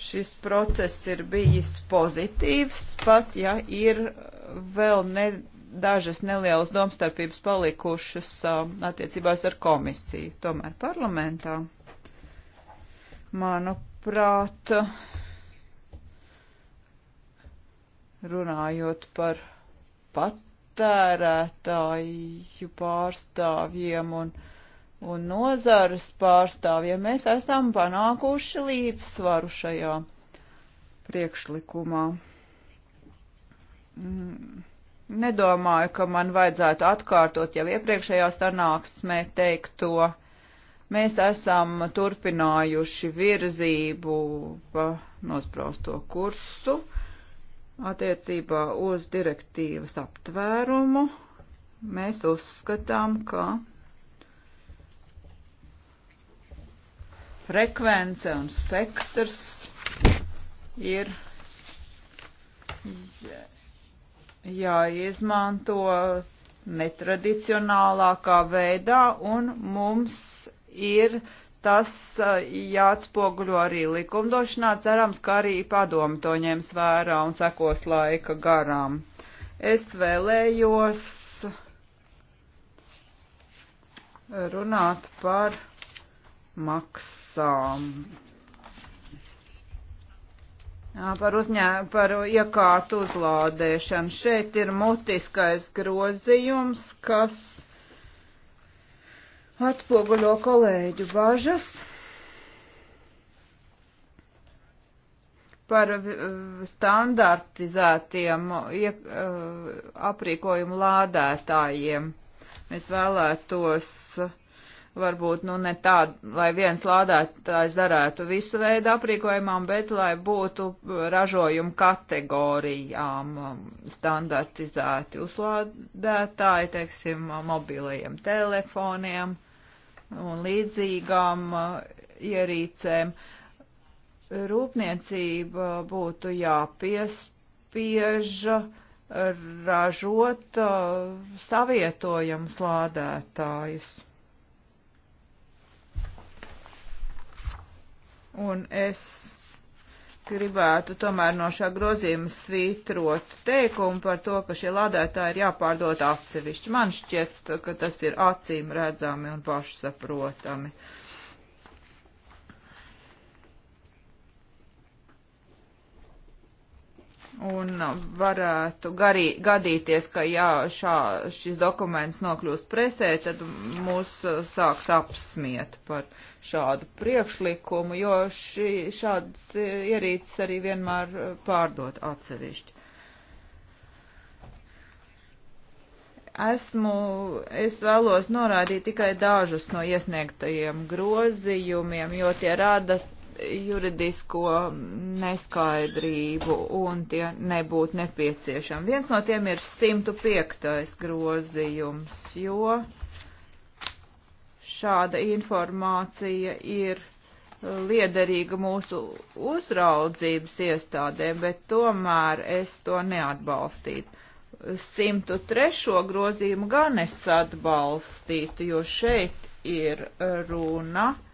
šis process ir bijis pozitīvs, pat ja ir vēl ne dažas nelielas domstarpības palikušas um, attiecībās ar komisiju. Tomēr parlamentā, manuprāt, runājot par patērētāju pārstāvjiem un, un nozares pārstāvjiem, mēs esam panākuši līdzsvaru šajā priekšlikumā. Mm Nedomāju, ka man vajadzētu atkārtot jau iepriekšējā sanāksmē teikto. Mēs esam turpinājuši virzību pa nosprausto kursu attiecībā uz direktīvas aptvērumu. Mēs uzskatām, ka frekvence un spektrs ir jāizmanto netradicionālākā veidā, un mums ir tas jāatspoguļo arī likumdošanā, cerams, ka arī padomu to ņems vērā un sekos laika garām. Es vēlējos runāt par maksām par, uzņē, par iekārtu uzlādēšanu. Šeit ir mutiskais grozījums, kas atspoguļo kolēģu bažas par standartizētiem e, aprīkojumu lādētājiem. Mēs vēlētos uh, varbūt nu ne tāda, lai viens lādētājs darētu visu veidu aprīkojumam, bet lai būtu ražojumu kategorijām um, standartizēti uzlādētāji, teiksim, mobilajiem telefoniem un līdzīgām uh, ierīcēm. Rūpniecība būtu jāpiespiež ražot uh, savietojamus lādētājus. Un es gribētu tomēr no šā grozījuma svītrot teikumu par to, ka šie lādētāji ir jāpārdod atsevišķi. Man šķiet, ka tas ir acīm redzami un pašsaprotami. Uh, un varētu garī, gadīties, ka ja šā, šis dokuments nokļūst presē, tad mūs uh, sāks apsmiet par šādu priekšlikumu, jo šī, šāds uh, ierīces arī vienmēr uh, pārdot atsevišķi. Esmu, es vēlos norādīt tikai dažus no iesniegtajiem grozījumiem, jo tie rada juridisko neskaidrību un tie nebūtu nepieciešami. Viens no tiem ir 105. grozījums, jo šāda informācija ir liederīga mūsu uzraudzības iestādēm, bet tomēr es to neatbalstītu. 103. grozījumu gan es atbalstītu, jo šeit ir runa. Uh,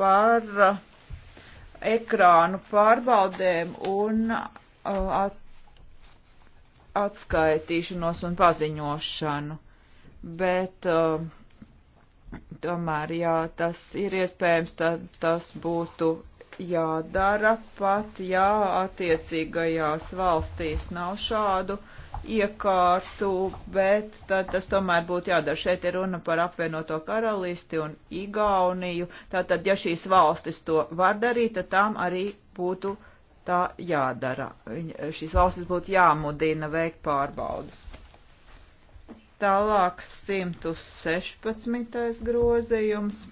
par uh, ekrānu pārbaudēm un uh, atskaitīšanos un paziņošanu. Bet uh, tomēr, jā, tas ir iespējams, tad tas būtu jādara pat, ja attiecīgajās valstīs nav šādu uh, iekārtu, bet tad tas tomēr būtu jādara. Šeit ir runa par apvienoto karalisti un Igauniju. Tātad, ja šīs valstis to var darīt, tad tām arī būtu tā jādara. Viņa, šīs valstis būtu jāmudina veikt pārbaudas. Tālāk 116. grozījums.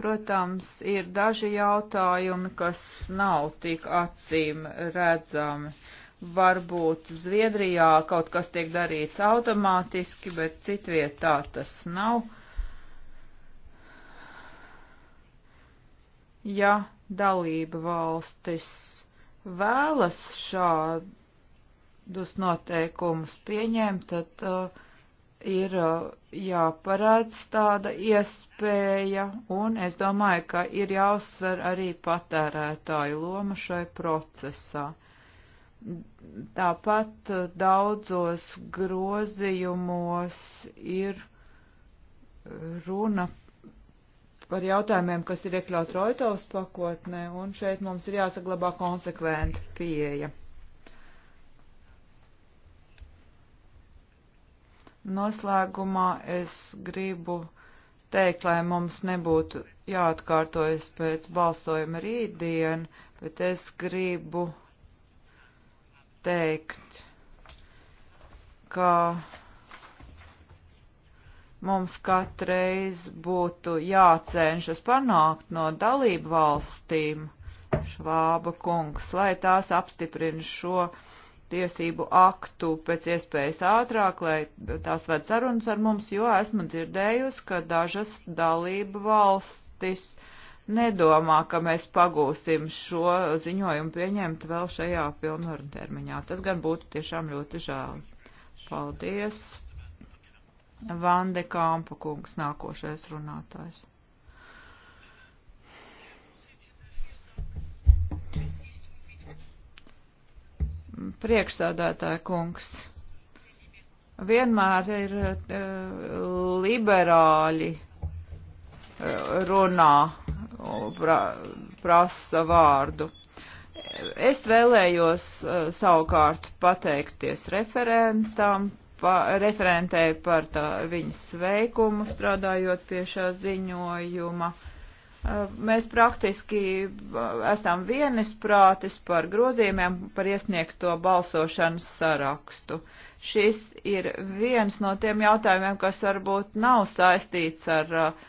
Protams, ir daži jautājumi, kas nav tik acīm redzami. Uh, Varbūt Zviedrijā kaut kas tiek darīts automātiski, bet citvietā tas nav. Ja dalība valstis vēlas šādus noteikumus pieņemt, tad uh, ir uh, jāparādz tāda iespēja, un es domāju, ka ir jāuzsver arī patērētāju loma šai procesā. Tāpat uh, daudzos grozījumos ir uh, runa par jautājumiem, kas ir iekļaut Roitovas pakotnē, un šeit mums ir jāsaglabā konsekventa pieeja. Noslēgumā es gribu teikt, lai mums nebūtu jāatkārtojas pēc balsojuma rītdien, bet es gribu teikt, ka mums katreiz būtu jācenšas panākt no dalību valstīm, Švāba kungs, lai tās apstiprina šo tiesību aktu pēc iespējas ātrāk, lai tās ved sarunas ar mums, jo esmu dzirdējusi, ka dažas dalību valstis uh, nedomā, ka mēs pagūsim šo ziņojumu pieņemt vēl šajā pilnvaru termiņā. Tas gan būtu tiešām ļoti žēl. Paldies. Vande Kāmpa kungs nākošais runātājs. Priekšsādātāja kungs vienmēr ir uh, liberāļi uh, runā pra, prasa vārdu. Es vēlējos eh, savukārt pateikties referentam, pa, referentē par tā, viņas veikumu strādājot pie šā ziņojuma. Eh, mēs praktiski eh, esam vienisprātis par grozījumiem, par iesniegto balsošanas sarakstu. Šis ir viens no tiem jautājumiem, kas varbūt nav saistīts ar uh,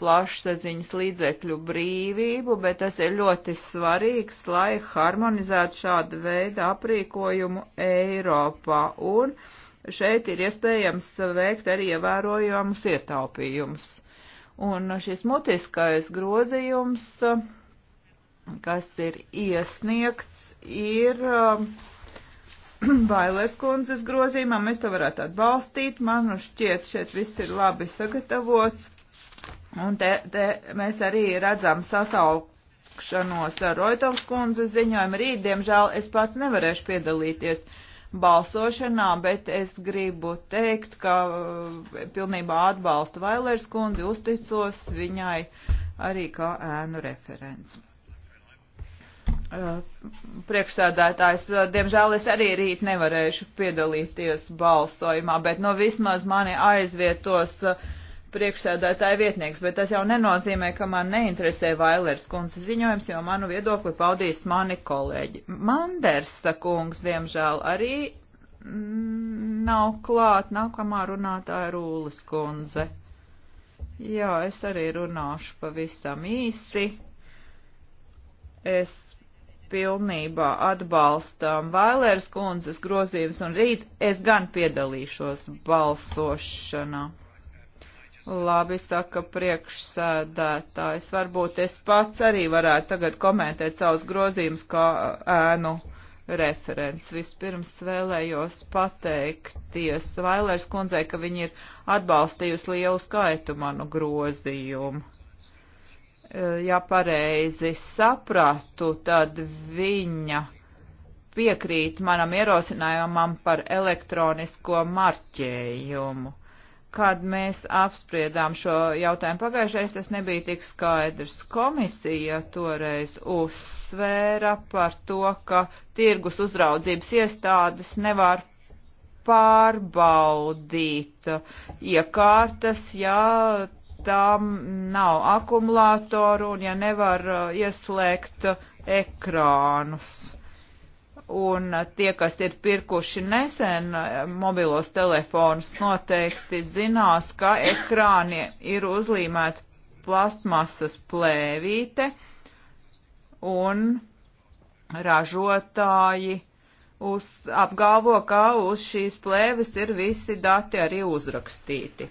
plašsaziņas līdzekļu brīvību, bet tas ir ļoti svarīgs, lai harmonizētu šādu veidu aprīkojumu Eiropā. Un šeit ir iespējams veikt arī ievērojamus ietaupījumus. Un šis mutiskais grozījums, kas ir iesniegts, ir um, Bailēs kundzes grozījumā. Mēs to varētu atbalstīt. Man šķiet, šeit viss ir labi sagatavots Un te, te mēs arī redzam sasaukšanos ar Roitovs kundzu ziņojumu. Rīt, diemžēl, es pats nevarēšu piedalīties balsošanā, bet es gribu teikt, ka eh, pilnībā atbalstu Vailers kundi, uzticos viņai arī kā ēnu referents. Eh, priekšsēdētājs, eh, diemžēl es arī rīt nevarēšu piedalīties balsojumā, bet no nu vismaz mani aizvietos uh, priekšsēdētāja vietnieks, bet tas jau nenozīmē, ka man neinteresē Vailers kundzes ziņojums, jo manu viedokli paudīs mani kolēģi. Mandersa kungs, diemžēl, arī nav klāt nākamā runātāja Rūlis kundze. Jā, es arī runāšu pavisam īsi. Es pilnībā atbalstām Vailers kundzes grozījums un rīt es gan piedalīšos balsošanā. Labi, saka priekšsēdētājs. Varbūt es pats arī varētu tagad komentēt savus grozījumus kā ēnu referents. Vispirms vēlējos pateikties Vailērs kundzei, ka viņi ir atbalstījusi lielu skaitu manu grozījumu. Ja pareizi sapratu, tad viņa piekrīt manam ierosinājumam par elektronisko marķējumu kad mēs apspriedām šo jautājumu pagājušais, tas nebija tik skaidrs. Komisija toreiz uzsvēra par to, ka tirgus uzraudzības iestādes nevar pārbaudīt iekārtas, ja tām nav akumulātoru un ja nevar uh, ieslēgt uh, ekrānus un tie, kas ir pirkuši nesen eh, mobilos telefonus, noteikti zinās, ka ekrāni ir uzlīmēta plastmasas plēvīte un ražotāji uz, apgalvo, ka uz šīs plēves ir visi dati arī uzrakstīti.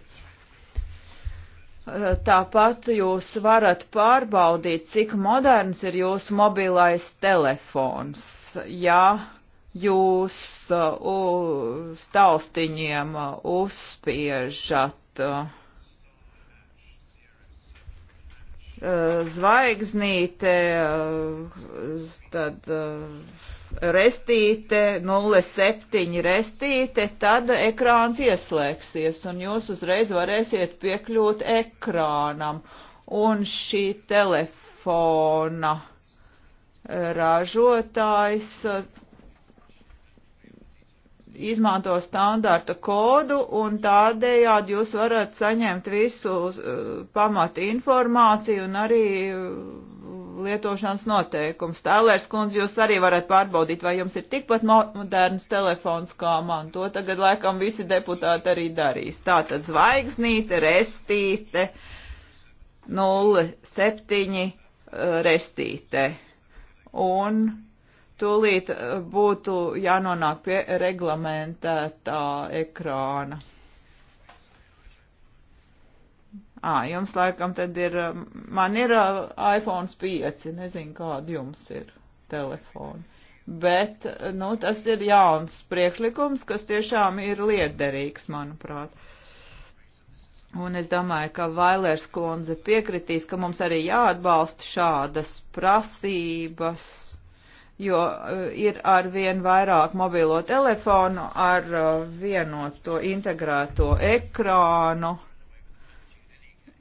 Tāpat jūs varat pārbaudīt, cik moderns ir jūsu mobilais telefons. Ja jūs uh, uz taustiņiem uh, uzspiežat uh, zvaigznīte, tad restīte, 07 restīte, tad ekrāns ieslēgsies un jūs uzreiz varēsiet piekļūt ekrānam. Un šī telefona eh, ražotājs eh, izmanto standarta kodu un tādējādi jūs varat saņemt visu uh, eh, pamatu informāciju un arī uh, lietošanas noteikums. Tēlērs kundze, jūs arī varat pārbaudīt, vai jums ir tikpat moderns telefons kā man. To tagad laikam visi deputāti arī darīs. Tātad zvaigznīte, restīte, 07 eh, restīte. Un tūlīt eh, būtu jānonāk pie reglamentētā ekrāna. Ā, jums laikam tad ir, um, man ir uh, iPhone 5, nezinu kāda jums ir telefona. Bet, uh, nu, tas ir jauns priekšlikums, kas tiešām ir liederīgs, manuprāt. Un es domāju, ka Vailers kundze piekritīs, ka mums arī jāatbalsta šādas prasības, jo uh, ir ar vien vairāk mobilo telefonu ar vienoto integrēto ekrānu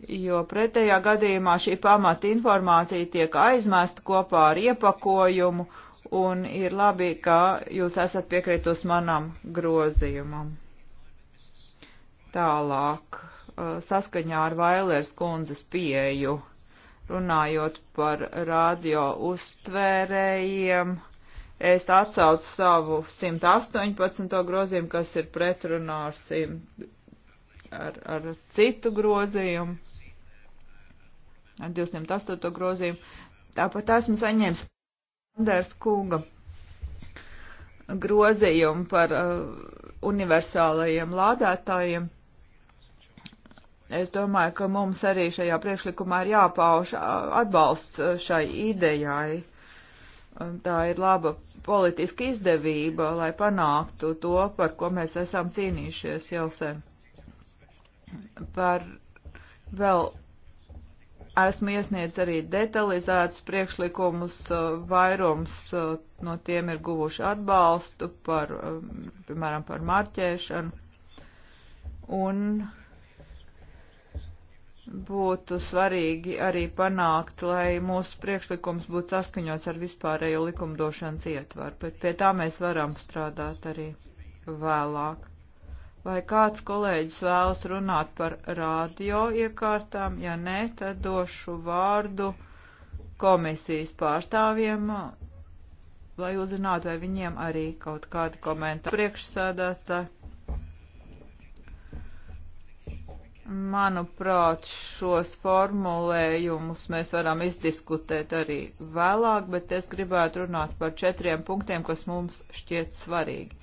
jo pretējā gadījumā šī pamata informācija tiek aizmesta kopā ar iepakojumu, un ir labi, ka jūs esat piekritus manam grozījumam. Tālāk, uh, saskaņā ar Vailers kundzes pieju, runājot par radio uztvērējiem, es atsaucu savu 118. grozījumu, kas ir pretrunā ar, simt, ar, ar citu grozījumu ar 208. grozījumu. Tāpat esmu saņēmis Anders Kunga grozījumu par uh, universālajiem lādētājiem. Es domāju, ka mums arī šajā priekšlikumā ir jāpauž uh, atbalsts uh, šai idejai. Tā ir laba politiska izdevība, lai panāktu to, par ko mēs esam cīnījušies jau sen. Par vēl Esmu iesniedz arī detalizētus priekšlikumus, uh, vairums uh, no tiem ir guvuši atbalstu par, um, piemēram, par marķēšanu. Un būtu svarīgi arī panākt, lai mūsu priekšlikums būtu saskaņots ar vispārējo likumdošanas ietvaru, bet pie tā mēs varam strādāt arī vēlāk. Vai kāds kolēģis vēlas runāt par radio iekārtām? Ja nē, tad došu vārdu komisijas pārstāvjiem, lai uzzinātu, vai viņiem arī kaut kādi komentāri priekšsēdētāji. Manuprāt, šos formulējumus mēs varam izdiskutēt arī vēlāk, bet es gribētu runāt par četriem punktiem, kas mums šķiet svarīgi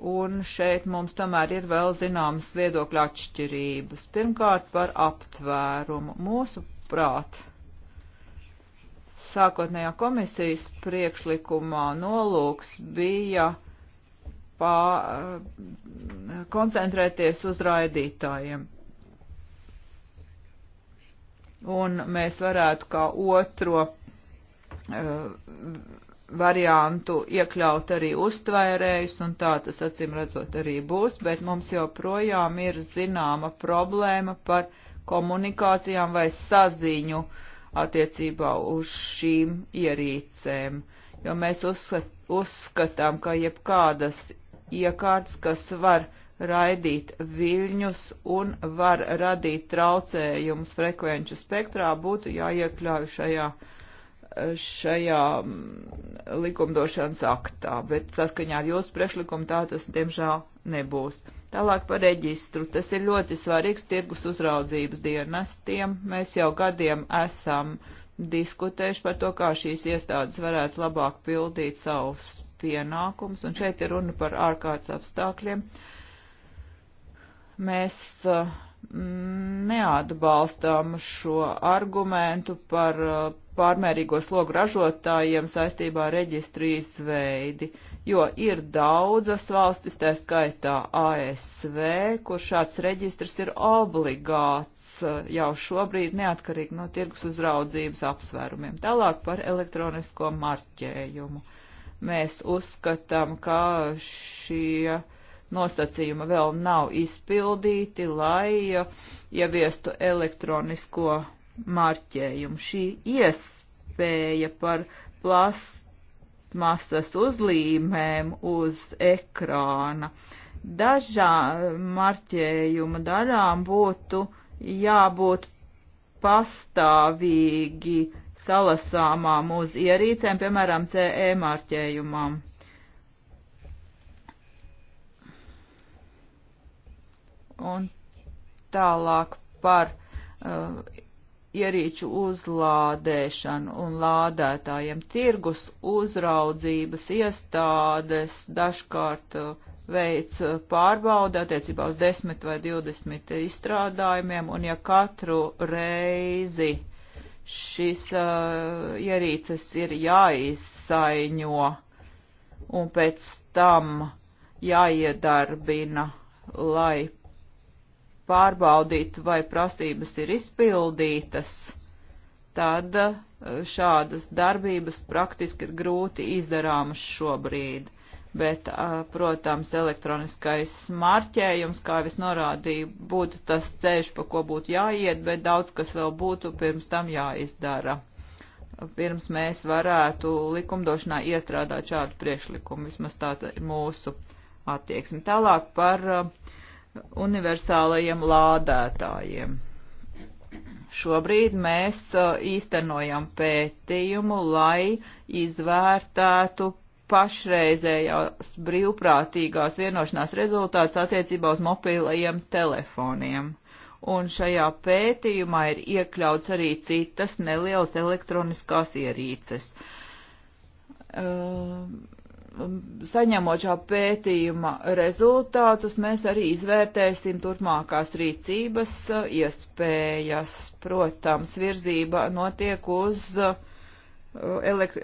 un šeit mums tomēr ir vēl zināmas viedokļa atšķirības. Pirmkārt par aptvērumu. Mūsu prāt, sākotnējā komisijas priekšlikumā nolūks bija pā, eh, koncentrēties uz raidītājiem. Un mēs varētu kā otro uh, variantu iekļaut arī uztvērējus, un tā tas acīm redzot arī būs, bet mums joprojām ir zināma problēma par komunikācijām vai saziņu attiecībā uz šīm ierīcēm, jo mēs uzskat, uzskatām, ka jebkādas iekārtas, kas var raidīt viļņus un var radīt traucējumus frekvenču spektrā, būtu jāiekļauj šajā šajā mm, likumdošanas aktā, bet saskaņā ar jūsu priekšlikumu tā tas, diemžēl, nebūs. Tālāk par reģistru. Tas ir ļoti svarīgs tirgus uzraudzības dienestiem. Mēs jau gadiem esam diskutējuši par to, kā šīs iestādes varētu labāk pildīt savus pienākumus, un šeit ir runa par ārkārtas apstākļiem. Mēs uh, neatbalstam šo argumentu par uh, pārmērīgo slogu ražotājiem saistībā ar reģistrijas veidi, jo ir daudzas valstis, tā skaitā ASV, kur šāds reģistrs ir obligāts uh, jau šobrīd neatkarīgi no tirgus uzraudzības apsvērumiem. Tālāk par elektronisko marķējumu. Mēs uzskatām, ka šie nosacījuma vēl nav izpildīti, lai uh, ieviestu elektronisko marķējumu. Šī iespēja par plasmasas uzlīmēm uz ekrāna dažā marķējuma daļām būtu jābūt pastāvīgi salasāmām uz ierīcēm, piemēram, CE marķējumam. un tālāk par uh, ierīču uzlādēšanu un lādētājiem. Tirgus uzraudzības iestādes dažkārt uh, veic uh, pārbauda attiecībā uz 10 vai 20 izstrādājumiem, un ja katru reizi šis uh, ierīces ir jāizsaiņo un pēc tam jāiedarbina, lai pārbaudīt, vai prasības ir izpildītas, tad eh, šādas darbības praktiski ir grūti izdarāmas šobrīd. Bet, eh, protams, elektroniskais marķējums, kā es norādīju, būtu tas ceļš, pa ko būtu jāiet, bet daudz kas vēl būtu pirms tam jāizdara. Pirms mēs varētu likumdošanā iestrādāt šādu priekšlikumu, vismaz tāda ir mūsu attieksme. Tālāk par uh, universālajiem lādētājiem. Šobrīd mēs īstenojam pētījumu, lai izvērtētu pašreizējās brīvprātīgās vienošanās rezultāts attiecībā uz mobilajiem telefoniem. Un šajā pētījumā ir iekļauts arī citas nelielas elektroniskās ierīces. Uh, saņemot šā pētījuma rezultātus, mēs arī izvērtēsim turpmākās rīcības iespējas. Protams, virzība notiek uz elekt,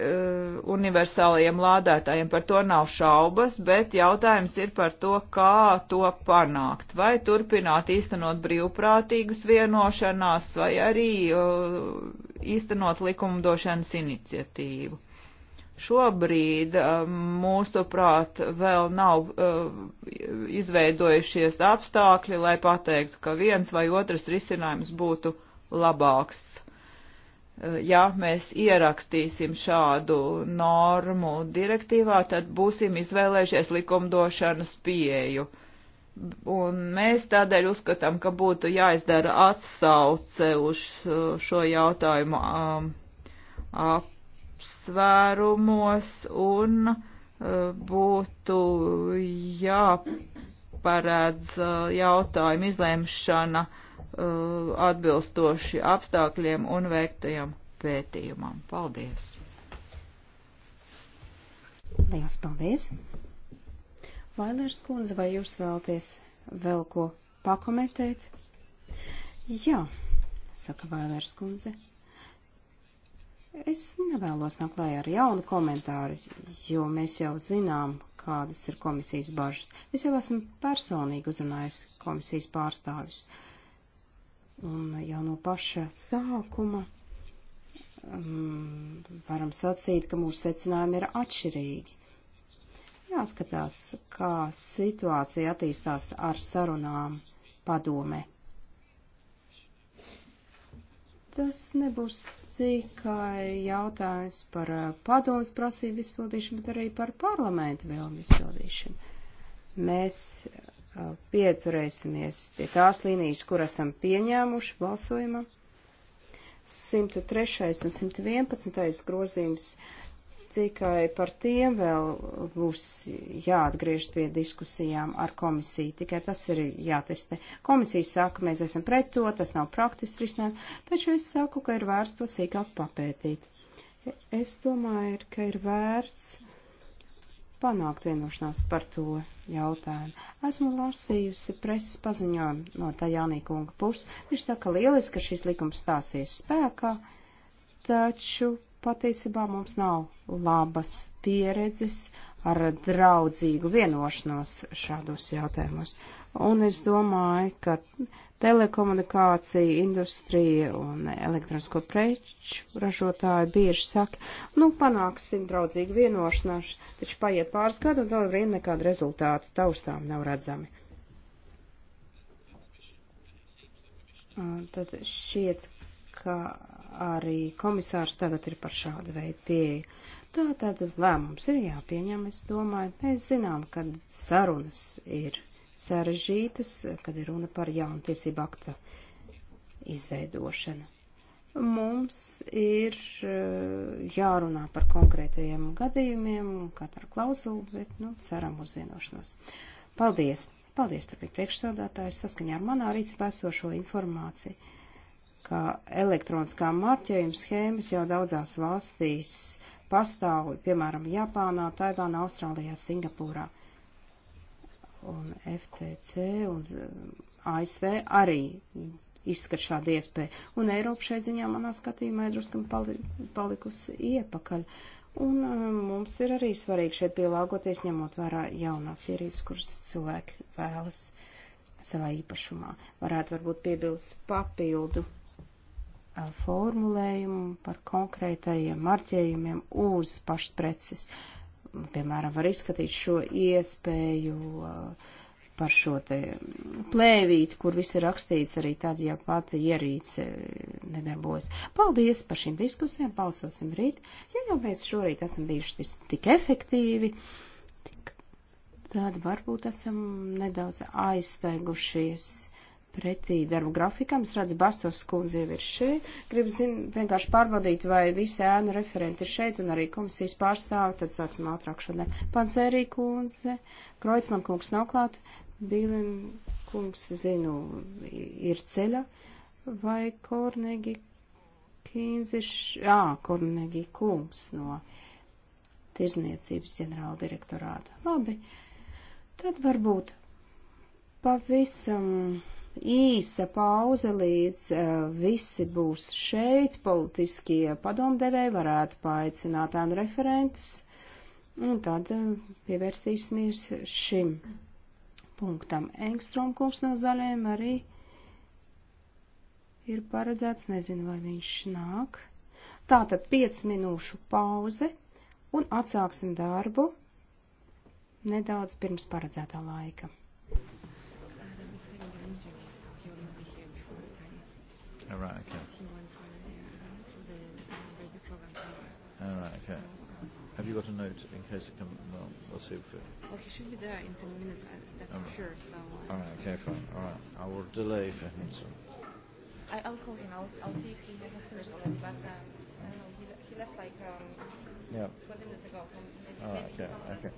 universālajiem lādētājiem, par to nav šaubas, bet jautājums ir par to, kā to panākt. Vai turpināt īstenot brīvprātīgas vienošanās, vai arī īstenot likumdošanas iniciatīvu Šobrīd, eh, mūsuprāt, vēl nav uh, izveidojušies apstākļi, lai pateiktu, ka viens vai otrs risinājums būtu labāks. Uh, ja mēs ierakstīsim šādu normu direktīvā, tad būsim izvēlējušies likumdošanas pieeju. Un mēs tādēļ uzskatām, ka būtu jāizdara atsauce uz šo jautājumu um, ap apsvērumos un e, būtu jāparēdz e, jautājumu izlēmšana e, atbilstoši apstākļiem un veiktajam pētījumam. Paldies! Liels paldies! Vailers kundze, vai jūs vēlaties vēl ko pakomentēt? Jā, saka Vailers kundze. Es nevēlos nākt klājā ar jaunu komentāru, jo mēs jau zinām, kādas ir komisijas bažas. Es jau esmu personīgi uzrunājis komisijas pārstāvis. Un jau no paša sākuma um, varam sacīt, ka mūsu secinājumi ir atšķirīgi. Jāskatās, kā situācija attīstās ar sarunām padomē. Tas nebūs tikai jautājums par padomas prasību izpildīšanu, bet arī par parlamentu vēlmu izpildīšanu. Mēs pieturēsimies pie tās līnijas, kur esam pieņēmuši balsojumā. 103. un 111. grozījums tikai par tiem vēl būs jāatgriež pie diskusijām ar komisiju. Tikai tas ir jātestē. Komisija saka, mēs esam pret to, tas nav praktiski risinājums, taču es saku, ka ir vērts to sīkāk papētīt. Es domāju, ka ir vērts panākt vienošanās par to jautājumu. Esmu lasījusi preses paziņojumu no tā Jānīkunga puses. Viņš saka, lieliski, ka šis likums stāsies spēkā, taču patiesībā mums nav labas pieredzes ar draudzīgu vienošanos šādos jautājumos. Un es domāju, ka telekomunikācija industrija un elektronisko preču ražotāji bieži saka, nu, panāksim draudzīgu vienošanās, taču paiet pāris gadu un vēl vien nekāda rezultāta taustām nav redzami. Tad šķiet, ka arī komisārs tagad ir par šādu veidu pieeju. Tā tad lēmums ir jāpieņem, es domāju. Mēs zinām, ka sarunas ir sarežģītas, kad ir runa par jaunu tiesību akta izveidošanu. Mums ir eh, jārunā par konkrētajiem gadījumiem, katru klausulu, bet, nu, ceram uz vienošanos. Paldies! Paldies, turpin priekšstādātājs, saskaņā ar manā rīcībā esošo informāciju ka elektroniskā marķējuma schēmas jau daudzās valstīs pastāv, piemēram, Japānā, Taivānā, Austrālijā, Singapūrā. Un FCC un eh, ASV arī izskat šādu iespēju. Un Eiropa šai ziņā manā skatījumā ir drusku pali, palikusi iepakaļ. Un um, mums ir arī svarīgi šeit pielāgoties, ņemot vērā jaunās ierīces, kuras cilvēki vēlas savā īpašumā. Varētu varbūt piebilst papildu formulējumu, par konkrētajiem marķējumiem uz pašas preces. Piemēram, var izskatīt šo iespēju uh, par šo te plēvīti, kur viss ir rakstīts arī tad, ja pati ierīce nedarbojas. Paldies par šīm diskusijām, balsosim rīt. Ja jau mēs šorīt esam bijuši tik efektīvi, tik, tad varbūt esam nedaudz aiztaigušies pretī darba grafikam. Es redzu, Bastos kundze jau ir šeit. Gribu zin, vienkārši pārbaudīt, vai visi ēnu referenti ir šeit un arī komisijas pārstāvi. Tad sāksim ātrāk šodien. Pancerī kundze, Kroicman kungs nav klāt, Bīlin kungs, zinu, ir ceļa. Vai Kornegi Kīnziš, jā, Kornegi kungs no tirzniecības ģenerāla direktorāta. Labi, tad varbūt pavisam īsa pauze, līdz uh, visi būs šeit, politiskie padomdevēji varētu paaicināt ēnu referentus, un tad uh, pievērsīsimies šim punktam. Engstrom kungs no zaļiem arī ir paredzēts, nezinu, vai viņš nāk. Tātad 5 minūšu pauze un atsāksim darbu nedaudz pirms paredzētā laika. All oh, right, okay. All oh, right, okay. Have you got a note in case it comes? Well, we'll see if it. Well, he should be there in 10 minutes, that's All right. for sure. So. Uh, All right, okay, fine. All right. I will delay for him. So. I, I'll call him. I'll, I'll see if he has finished already, but uh, I don't know. He, he left like um, yeah. 20 minutes ago, so maybe. All right, maybe okay, okay.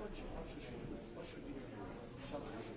What should, what should she do? What should we do? Shall we?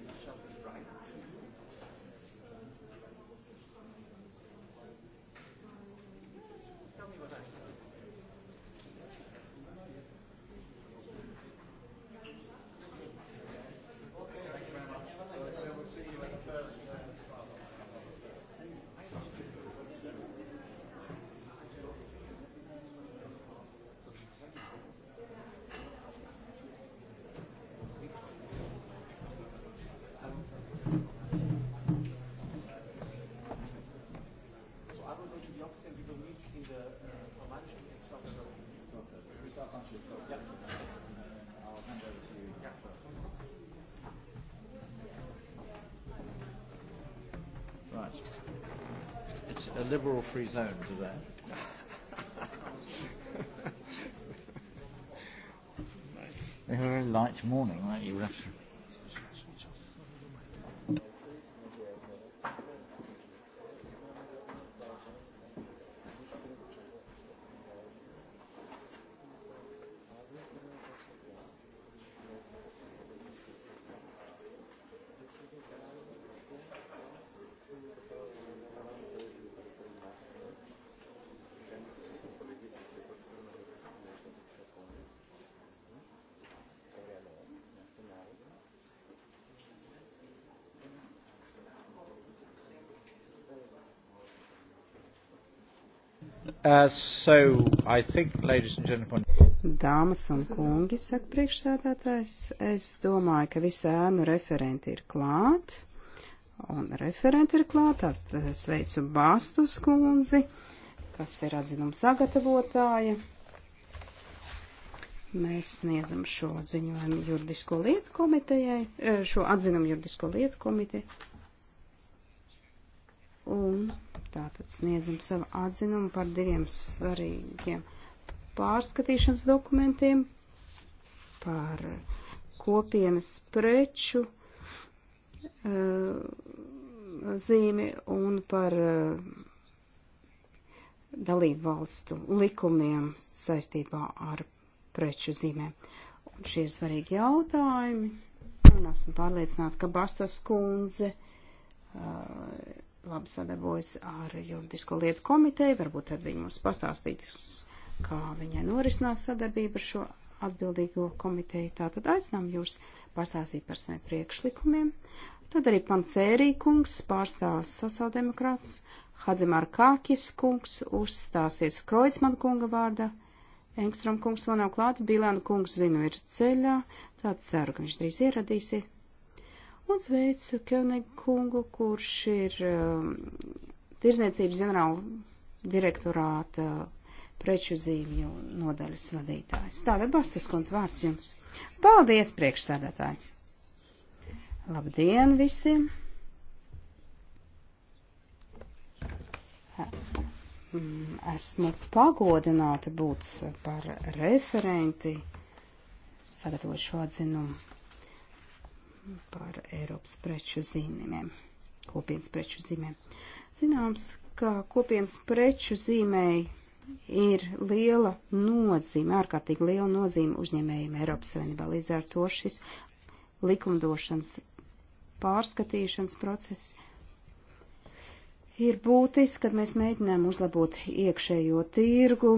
Right. It's a liberal free zone today. they had a very light morning, right? You would have to Uh, so, I think, ladies and gentlemen. Dāmas un kungi, saka priekšsēdētājs, es domāju, ka visi ēnu referenti ir klāt, un referenti ir klāt, tad uh, sveicu Bāstus kundzi, kas ir atzinuma sagatavotāja. Mēs sniedzam šo ziņojumu juridisko lietu komitejai, uh, šo atzinumu juridisko lietu komiteju. Un Tātad sniedzam savu atzinumu par diviem svarīgiem pārskatīšanas dokumentiem, par kopienas preču eh, zīmi un par eh, dalību valstu likumiem saistībā ar preču zīmēm. Un šie ir svarīgi jautājumi, un esmu pārliecināta, ka Bastas kundze uh, labi sadarbojas ar juridisko lietu komiteju, varbūt tad viņi mums pastāstīs, kā viņai norisinās sadarbība ar šo atbildīgo komiteju. Tātad aicinām jūs pastāstīt par saviem priekšlikumiem. Tad arī Pancērī kungs pārstāvs sasaudemokrāts, Hadzimār Kākis kungs uzstāsies Kroicman kunga vārdā, Engstrom kungs vēl nav klāt, Bilēna kungs zinu ir ceļā, tad ceru, ka viņš drīz ieradīsies. Un sveicu Kjonigu kungu, kurš ir um, tirzniecības ģenerāla direktorāta preču zīmju nodaļas vadītājs. Tātad Bastas kundz vārds jums. Paldies, priekšstādātāji! Labdien visiem! Mm, esmu pagodināta būt par referenti, sagatavošu atzinumu par Eiropas preču zīmēm, kopienas preču zīmēm. Zināms, ka kopienas preču zīmēji ir liela nozīme, ārkārtīgi liela nozīme uzņēmējiem Eiropas Savienībā. Līdz ar to šis likumdošanas pārskatīšanas process ir būtisks, kad mēs mēģinām uzlabot iekšējo tirgu,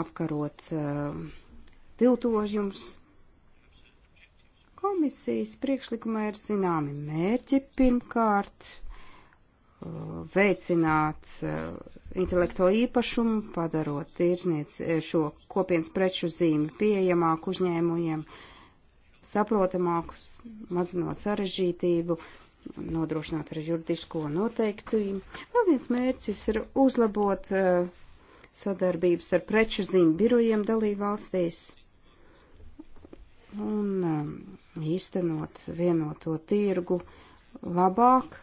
apkarot uh, viltojums, Komisijas priekšlikumā ir zināmi mērķi pirmkārt uh, veicināt uh, intelekto īpašumu, padarot tirzniec eh, šo kopienas preču zīmi pieejamāku uzņēmumiem, saprotamākus, mazinot sarežģītību, nodrošināt ar juridisko noteiktību. Vēl viens mērķis ir uzlabot uh, sadarbības ar preču zīmu birojiem dalībvalstīs. Un um, īstenot vienoto tirgu labāk,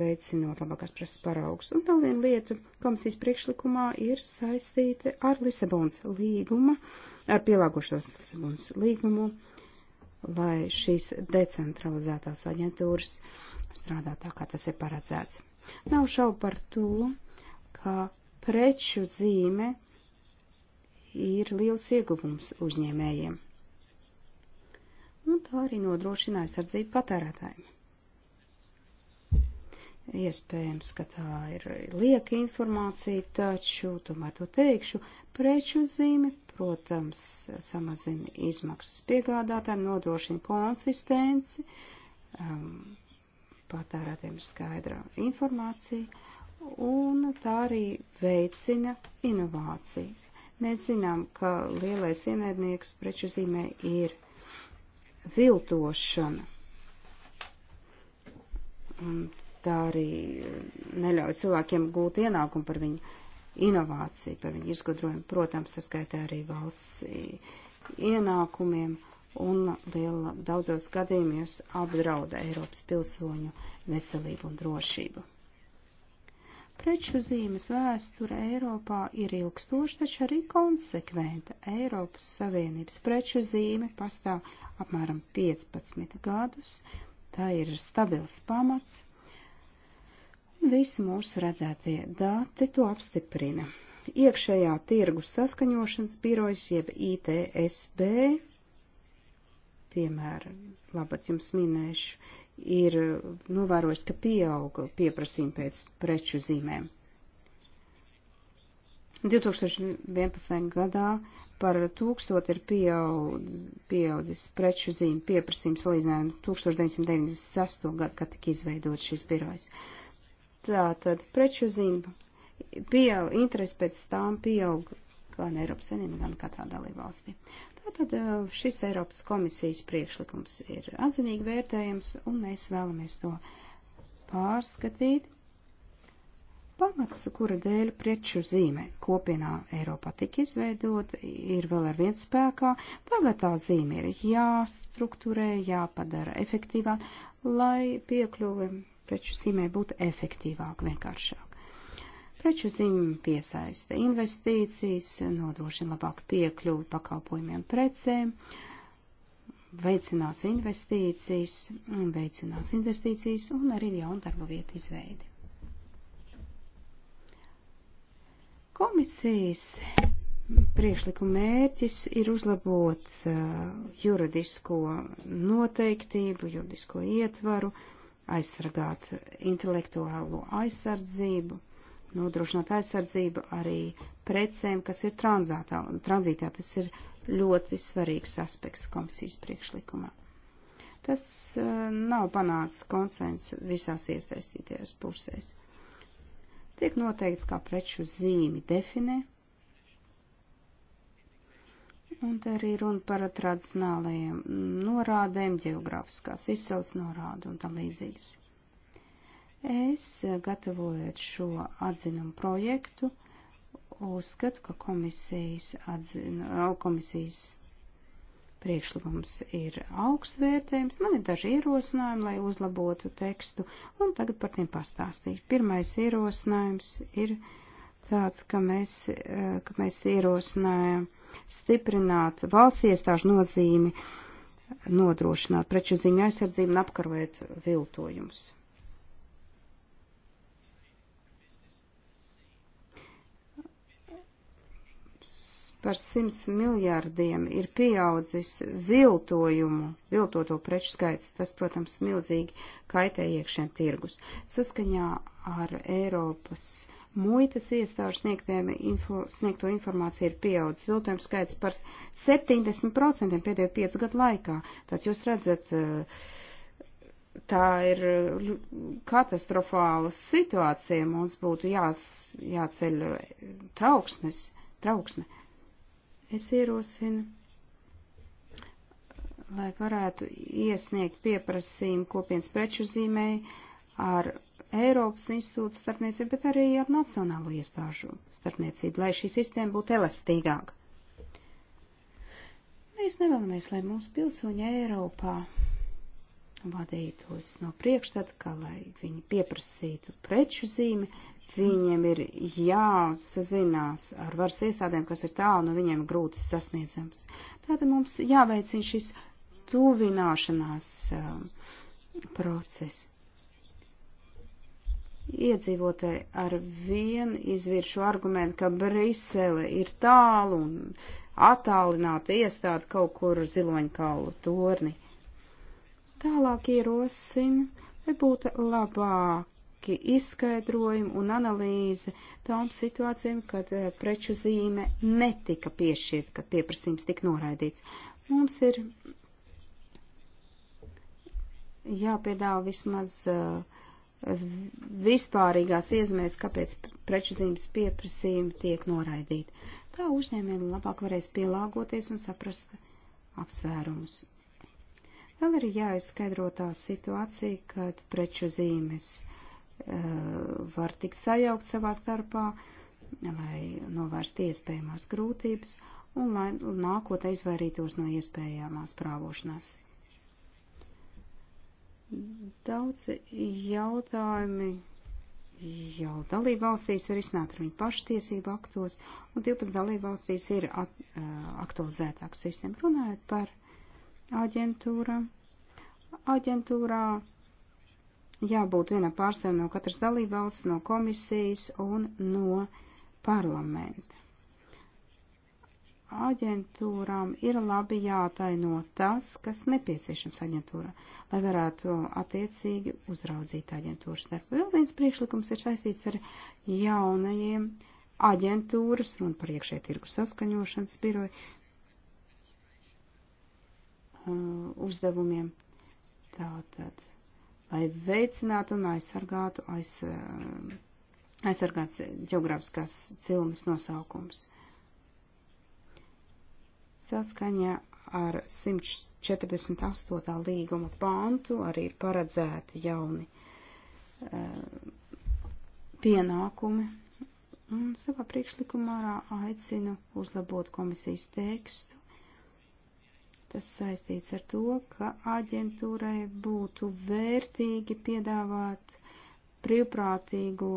veicinot labākās preses paraugus. Un vēl viena lieta komisijas priekšlikumā ir saistīta ar Lisabonas līguma, ar pielāgošos Lisabonas līgumu, lai šīs decentralizētās aģentūras strādā tā, kā tas ir paredzēts. Nav šaubu par to, ka preču zīme ir liels ieguvums uzņēmējiem un nu, tā arī nodrošina aizsardzību patērētājiem. Iespējams, ka tā ir lieka informācija, taču, tomēr to teikšu, preču zīme, protams, samazina izmaksas piegādātājiem, nodrošina konsistenci, um, patērētiem skaidra informācija, un tā arī veicina inovāciju. Mēs zinām, ka lielais ienaidnieks preču zīmē ir viltošana. Un tā arī neļauj cilvēkiem gūt ienākumu par viņu inovāciju, par viņu izgudrojumu. Protams, tas skaitā arī valsts ienākumiem un liela, daudzos gadījumos apdrauda Eiropas pilsoņu veselību un drošību. Preču zīmes vēsture Eiropā ir ilgstoša, taču arī konsekventa. Eiropas Savienības preču zīme pastāv apmēram 15 gadus, tā ir stabils pamats, un visi mūsu redzētie dati to apstiprina. Iekšējā tirgus saskaņošanas birojas jeb ITSB, piemēram, labāk jums minēšu, ir novērojis, nu, ka pieauga pieprasījumi pēc preču zīmēm. 2011. gadā par tūkstot ir pieaudz, pieaudzis preču zīmju pieprasījums salīdzinājumā 1996. gadu, kad tika izveidot šis birojs. Tātad preču zīmju pieaug, interesi pēc tām pieaug gan Eiropas Savienībā, gan katrā dalībvalstī. Tātad nu, šis Eiropas komisijas priekšlikums ir atzinīgi vērtējams, un mēs vēlamies to pārskatīt. Pamats, kura dēļ preču zīme kopienā Eiropā tika izveidota, ir vēl ar viens spēkā. Tagad tā zīme ir jāstrukturē, jāpadara efektīvāk, lai piekļuve preču zīmē būtu efektīvāk, vienkāršāk. Preču ziņu piesaista investīcijas, nodrošina labāku piekļuvi pakalpojumiem precēm, veicinās investīcijas, veicinās investīcijas un arī jaunu darba vietu izveidi. Komisijas priekšlikuma mērķis ir uzlabot uh, juridisko noteiktību, juridisko ietvaru, aizsargāt intelektuālo aizsardzību nodrošināt aizsardzību arī precēm, kas ir tranzātā, tranzītā. Tas ir ļoti svarīgs aspekts komisijas priekšlikumā. Tas uh, nav panācis konsensu visās iesaistītajās pusēs. Tiek noteikts, kā preču zīmi definē, un te arī runa par tradicionālajiem norādēm, geogrāfiskās izcels norādu un tam līdzīgas. Es, eh, gatavojot šo atzinumu projektu, uzskatu, ka komisijas, atzinu, komisijas priekšlikums ir augstvērtējums. Man ir daži ierosinājumi, lai uzlabotu tekstu, un tagad par tiem pastāstīšu. Pirmais ierosinājums ir tāds, ka mēs, eh, ka mēs ierosinājam stiprināt valsts iestāžu nozīmi, nodrošināt preču ziņu aizsardzību un apkarot viltojumus. par 100 miljārdiem ir pieaudzis viltojumu, viltoto preču skaits. Tas, protams, milzīgi kaitē iekšēn tirgus. Saskaņā ar Eiropas muitas iestāžu info, sniegto informāciju ir pieaudzis viltojums skaits par 70% pēdējo 5 gadu laikā. Tad jūs redzat, eh, tā ir katastrofāla situācija. Mums būtu jās, jāceļ trauksmes, trauksme. trauksme Es ierosinu, lai varētu iesniegt pieprasījumu kopienas preču zīmēji ar Eiropas institūtu starpniecību, bet arī ar nacionālo iestāžu starpniecību, lai šī sistēma būtu elastīgāka. Mēs nevēlamies, lai mūsu pilsoņi Eiropā vadītos no priekšstata, kā lai viņi pieprasītu preču zīmi, Viņiem ir jāsazinās ar varas iestādēm, kas ir tālu no viņiem grūti sasniedzams. Tātad mums jāveicina šis tuvināšanās um, process. Iedzīvotāji ar vienu izviršu argumentu, ka Brisele ir tālu un attālināta iestāde kaut kur ziloņkalu torni. Tālāk ierosina, vai būtu labāk lieliski izskaidrojumi un analīze tām situācijām, kad eh, preču zīme netika piešķirta, kad pieprasījums tika noraidīts. Mums ir jāpiedāvā vismaz eh, vispārīgās iezīmēs, kāpēc preču zīmes pieprasījumi tiek noraidīti. Tā uzņēmēji labāk varēs pielāgoties un saprast apsvērumus. Vēl ir jāizskaidro tā situācija, kad preču zīmes var tik sajaukt savā starpā, lai novērstu iespējamās grūtības un lai nākotnē izvairītos no iespējamās prāvošanās. Daudzi jautājumi jau dalībvalstīs ir izsnāti ar viņu pašu tiesību aktos, un 12 dalībvalstīs ir at, aktualizētāka sistēma. Runājot par aģentūra, aģentūrā jābūt vienam pārstāvim no katras dalībvalsts, no komisijas un no parlamenta. Aģentūrām ir labi jātaino tas, kas nepieciešams aģentūrā, lai varētu attiecīgi uzraudzīt aģentūras darbu. Vēl viens priekšlikums ir saistīts ar jaunajiem aģentūras un par iekšēju tirgu saskaņošanas biroju uh, uzdevumiem. Tātad lai veicinātu un aizsargātu aiz, eh, aizsargāts geogrāfiskās cilmes nosaukums. Saskaņā ar 148. līguma pantu arī ir paredzēti jauni uh, pienākumi. Un savā priekšlikumā aicinu uzlabot komisijas tekstu Tas saistīts ar to, ka aģentūrai būtu vērtīgi piedāvāt brīvprātīgo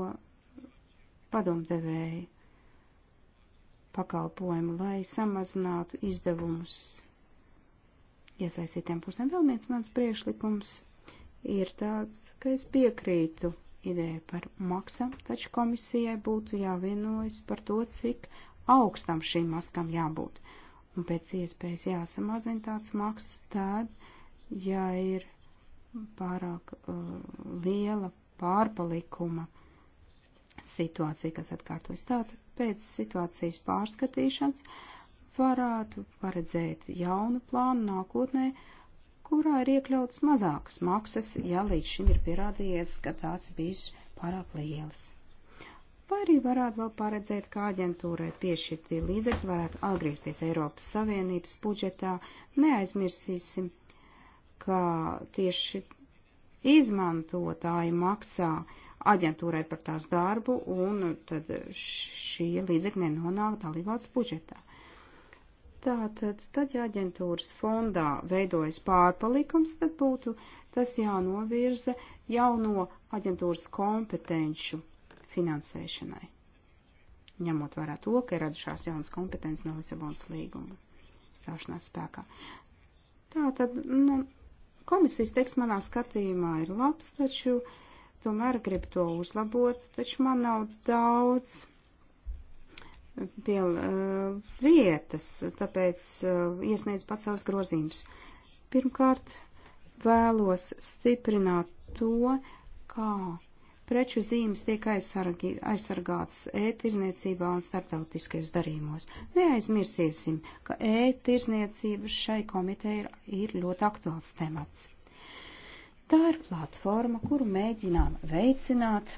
padomdevēju pakalpojumu, lai samazinātu izdevumus. Iesaistītiem pusēm vēl viens mans priešlikums ir tāds, ka es piekrītu ideja par maksam, taču komisijai būtu jāvienojas par to, cik augstam šīm maskām jābūt un pēc iespējas jāsamazina tāds maksas, tad, ja ir pārāk uh, liela pārpalikuma situācija, kas atkārtojas tātad pēc situācijas pārskatīšanas, varētu paredzēt jaunu plānu nākotnē, kurā ir iekļauts mazākas maksas, ja līdz šim ir pierādījies, ka tās bijis pārāk lielas vai arī varētu vēl paredzēt, kā aģentūrai piešķirtie līdzekļi varētu atgriezties Eiropas Savienības budžetā. Neaizmirsīsim, ka tieši izmantotāji maksā aģentūrai par tās darbu, un tad šie līdzekļi nenonāk dalībvalsts budžetā. Tātad, tad, ja aģentūras fondā veidojas pārpalikums, tad būtu tas jānovirza jauno aģentūras kompetenšu finansēšanai, ņemot vērā to, ka ir radušās jaunas kompetences no Lisabonas līguma stāšanās spēkā. Tātad, nu, komisijas teiks manā skatījumā ir labs, taču tomēr grib to uzlabot, taču man nav daudz eh, pie uh, eh, vietas, tāpēc uh, iesniedz pats savus grozījumus. Pirmkārt, vēlos stiprināt to, kā preču zīmes tiek aizsargātas e-tirzniecībā un starptautiskajos darījumos. Neaizmirsīsim, ka e-tirzniecība šai komiteja ir, ir ļoti aktuāls temats. Tā ir platforma, kuru mēģinām veicināt,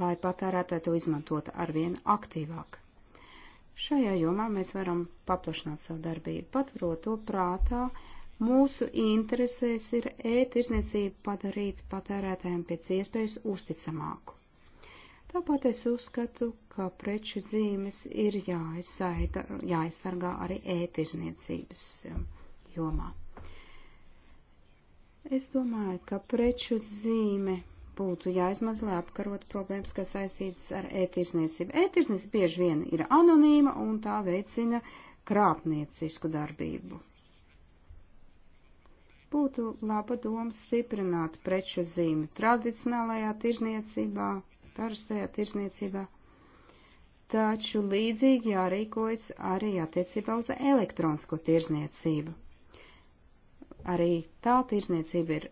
lai patērētāji to izmantotu arvien aktīvāk. Šajā jomā mēs varam paplašināt savu darbību, paturot to prātā, uh, Mūsu interesēs ir ētirzniecību e padarīt patērētājiem pēc iespējas uzticamāku. Tāpat es uzskatu, ka preču zīmes ir jāaizsaiga, jāaizsargā arī ētirzniecības e um, jomā. Es domāju, ka preču zīme būtu jāizmanto, lai apkarot problēmas, kas saistītas ar ētirzniecību. E ētirzniecība bieži vien ir anonīma un tā veicina krāpniecisku darbību. Būtu laba doma stiprināt preču zīmi tradicionālajā tirzniecībā, parastajā tirzniecībā, taču līdzīgi jārīkojas arī attiecībā uz elektronisko tirzniecību. Arī tā tirzniecība ir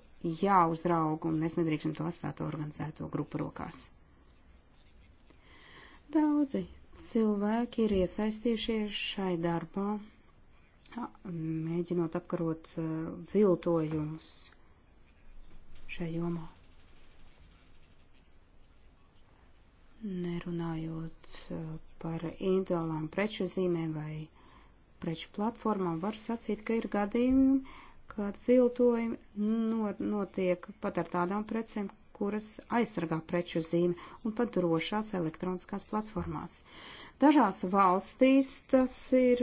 jāuzrauga, un mēs nedrīkstam to atstāt organizēto grupu rokās. Daudzi cilvēki ir iesaistījušies šai darbā, mēģinot apkarot eh, viltojumus šajā jomā. Nerunājot eh, par individuālām preču zīmēm vai preču platformām, var sacīt, ka ir gadījumi, kad viltojumi notiek pat ar tādām precēm, kuras aizsargā preču zīme un pat drošās elektroniskās platformās. Dažās valstīs tas ir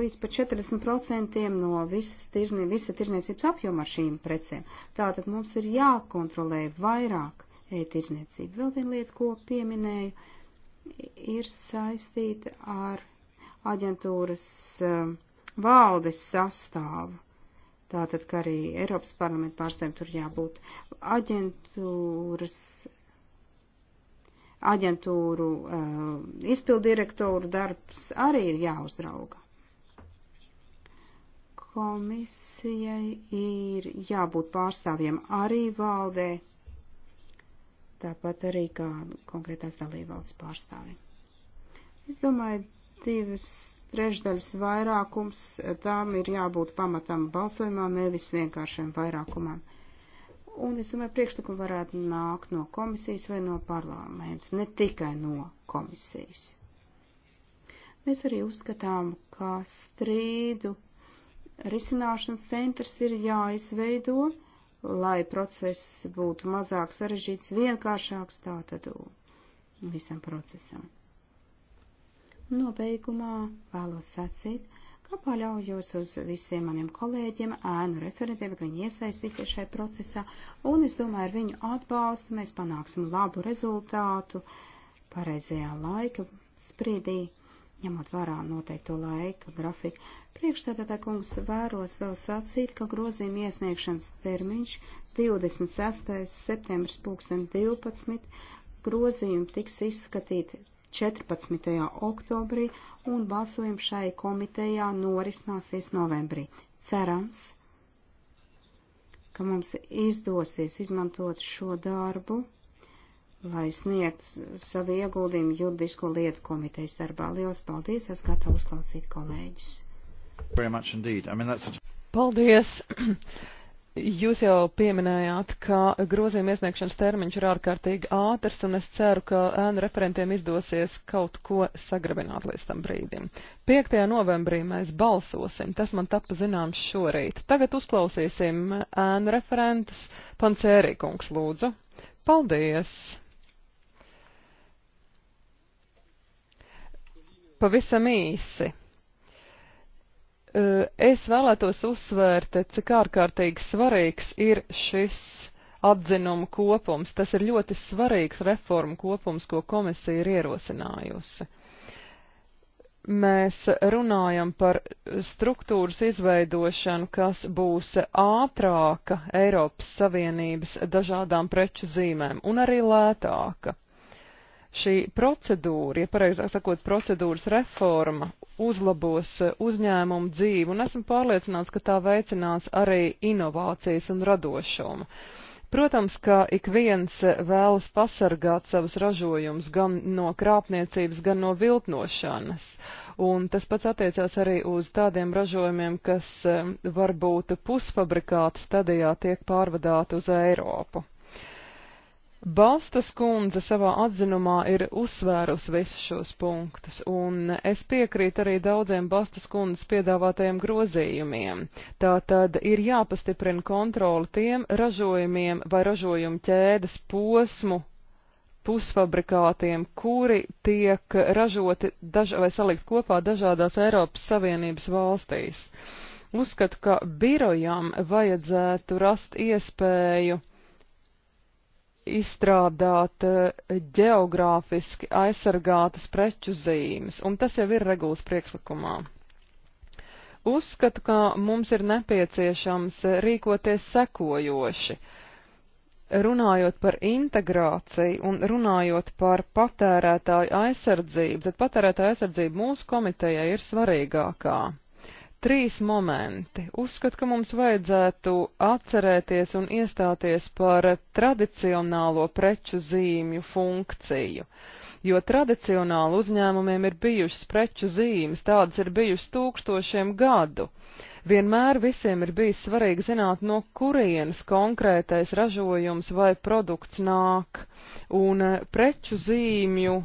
līdz pat 40% no visas tirznie, visa tirzniecības apjoma ar šīm precēm. Tātad mums ir jākontrolē vairāk e-tirzniecību. Vēl viena lieta, ko pieminēju, ir saistīta ar aģentūras eh, valdes sastāvu Tātad, ka arī Eiropas parlamenta pārstāvjiem tur jābūt. Aģentūras, aģentūru uh, izpildirektoru darbs arī ir jāuzrauga. Komisijai ir jābūt pārstāvjiem arī valdē, tāpat arī kā konkrētās dalībvalsts pārstāvjiem. Es domāju, divas trešdaļas vairākums, eh, tām ir jābūt pamatam balsojumā, nevis vienkāršiem vairākumam. Un es domāju, priekšlikumi varētu nākt no komisijas vai no parlamenta, ne tikai no komisijas. Mēs arī uzskatām, ka strīdu risināšanas centrs ir jāizveido, lai process būtu mazāk sarežģīts, vienkāršāks tātad visam procesam. Nobeigumā vēlos sacīt, ka paļaujos uz visiem maniem kolēģiem, ēnu referentiem, ka viņi iesaistīsies šajā procesā, un es domāju, ar viņu atbalstu mēs panāksim labu rezultātu pareizajā laika sprīdī, ņemot vērā noteikto laika grafiku. Priekšstādātā kungs vēros vēl sacīt, ka grozījuma iesniegšanas termiņš 26. septembris 2012 grozījumi tiks izskatīti 14. oktobrī un balsojums šai komitejā norisināsies novembrī. Cerams, ka mums izdosies izmantot šo darbu, lai sniegtu savu ieguldījumu juridisko lietu komitejas darbā. Lielas paldies, es gatavu uzklausīt kolēģis. Paldies! Jūs jau pieminējāt, ka grozījuma iesniegšanas termiņš ir ārkārtīgi ātrs, un es ceru, ka ēnu referentiem izdosies kaut ko sagrabināt līdz tam brīdim. 5. novembrī mēs balsosim, tas man tapa zināms šorīt. Tagad uzklausīsim ēnu referentus. Pancērīkungs, lūdzu. Paldies! Pavisam īsi. Es vēlētos uzsvērt, cik ārkārtīgi svarīgs ir šis atzinuma kopums. Tas ir ļoti svarīgs reformu kopums, ko komisija ir ierosinājusi. Mēs runājam par struktūras izveidošanu, kas būs ātrāka Eiropas Savienības dažādām preču zīmēm un arī lētāka šī procedūra, ja pareizāk sakot, procedūras reforma uzlabos eh, uzņēmumu dzīvi, un esmu pārliecināts, ka tā veicinās arī inovācijas un radošumu. Protams, ka ik viens eh, vēlas pasargāt savus ražojumus gan no krāpniecības, gan no viltnošanas. Un tas pats attiecās arī uz tādiem ražojumiem, kas eh, varbūt pusfabrikāta stadijā tiek pārvadāti uz Eiropu. Balstas kundze savā atzinumā ir uzsvērusi visus šos punktus, un es piekrītu arī daudziem Balstas kundzes piedāvātajiem grozījumiem. Tātad ir jāpastiprina kontroli tiem ražojumiem vai ražojumu ķēdes posmu pusfabrikātiem, kuri tiek ražoti daž vai salikt kopā dažādās Eiropas Savienības valstīs. Uzskatu, ka birojām vajadzētu rast iespēju uh, izstrādāt eh, geogrāfiski aizsargātas preču zīmes, un tas jau ir regulas priekšlikumā. Uzskatu, ka mums ir nepieciešams eh, rīkoties sekojoši. Runājot par integrāciju un runājot par patērētāju aizsardzību, tad patērētāja aizsardzība mūsu komitejai ir svarīgākā. Trīs momenti. Uzskatu, ka mums vajadzētu atcerēties un iestāties par tradicionālo preču zīmju funkciju, jo tradicionāli uzņēmumiem ir bijušas preču zīmes, tādas ir bijušas tūkstošiem gadu. Vienmēr visiem ir bijis svarīgi zināt, no kurienes konkrētais ražojums vai produkts nāk, un preču zīmju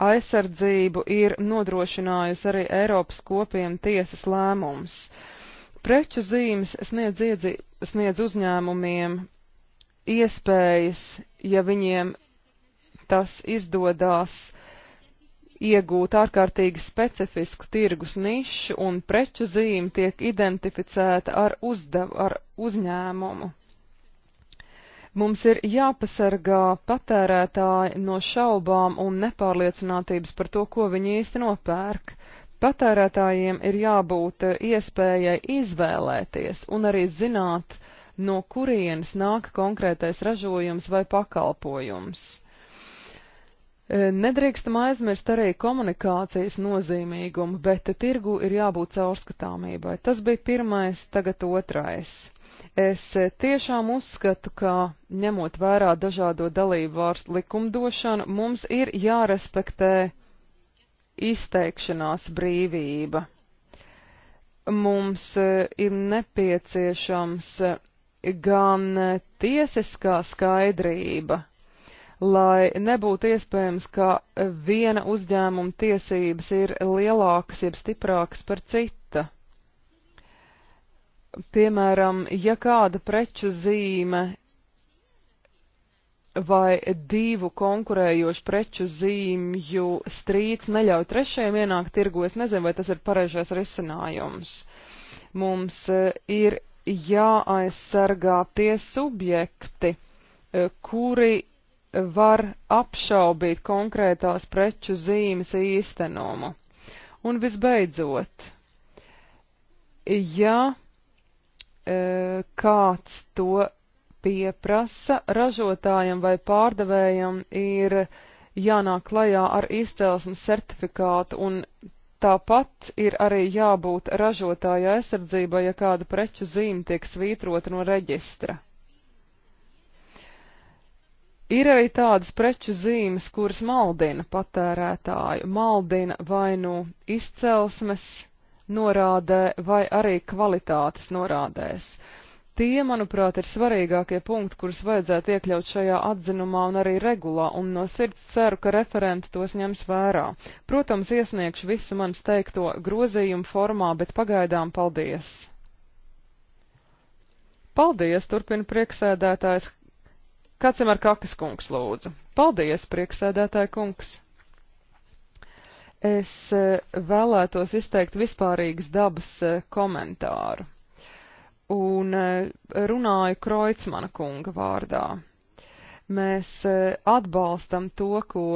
aizsardzību ir nodrošinājusi arī Eiropas kopienu tiesas lēmums. Preču zīmes sniedz, iedzi, sniedz uzņēmumiem iespējas, ja viņiem tas izdodās iegūt ārkārtīgi specifisku tirgus nišu un preču zīme tiek identificēta ar, uzdev, ar uzņēmumu. Mums ir jāpasargā patērētāji no šaubām un nepārliecinātības par to, ko viņi īsti nopērk. Patērētājiem ir jābūt iespējai izvēlēties un arī zināt, no kurienes nāk konkrētais ražojums vai pakalpojums. E, nedrīkstam aizmirst arī komunikācijas nozīmīgumu, bet tirgu ir jābūt caurskatāmībai. Tas bija pirmais, tagad otrais. Es tiešām uzskatu, ka ņemot vērā dažādo dalību vārstu likumdošanu, mums ir jārespektē izteikšanās brīvība. Mums e, ir nepieciešams e, gan e, tiesiskā skaidrība, lai nebūtu iespējams, ka viena uzņēmuma tiesības ir lielākas jeb stiprākas par cita piemēram, ja kāda preču zīme vai divu konkurējošu preču zīmju strīds neļauj trešajiem ienākt tirgu, es nezinu, vai tas ir pareizais risinājums. Mums e, ir jāaizsargā tie subjekti, e, kuri var apšaubīt konkrētās preču zīmes īstenumu. Un visbeidzot, ja E, kāds to pieprasa, ražotājam vai pārdevējam ir jānāk klajā ar izcelsmes certifikātu un tāpat ir arī jābūt ražotāja aizsardzībai, ja kāda preču zīme tiek svītrota no reģistra. Ir arī tādas preču zīmes, kuras maldina patērētāju, maldina vai nu izcelsmes norādē vai arī kvalitātes norādēs. Tie, manuprāt, ir svarīgākie punkti, kurus vajadzētu iekļaut šajā atzinumā un arī regulā, un no sirds ceru, ka referenti tos ņems vērā. Protams, iesniegšu visu manis teikto grozījumu formā, bet pagaidām paldies! Paldies, turpina prieksēdētājs. Kāds ir ar kakas kungs lūdzu? Paldies, prieksēdētāja kungs! Es eh, vēlētos izteikt vispārīgas dabas eh, komentāru. Un eh, runāju Kreutzmana kunga vārdā. Mēs atbalstam to, ko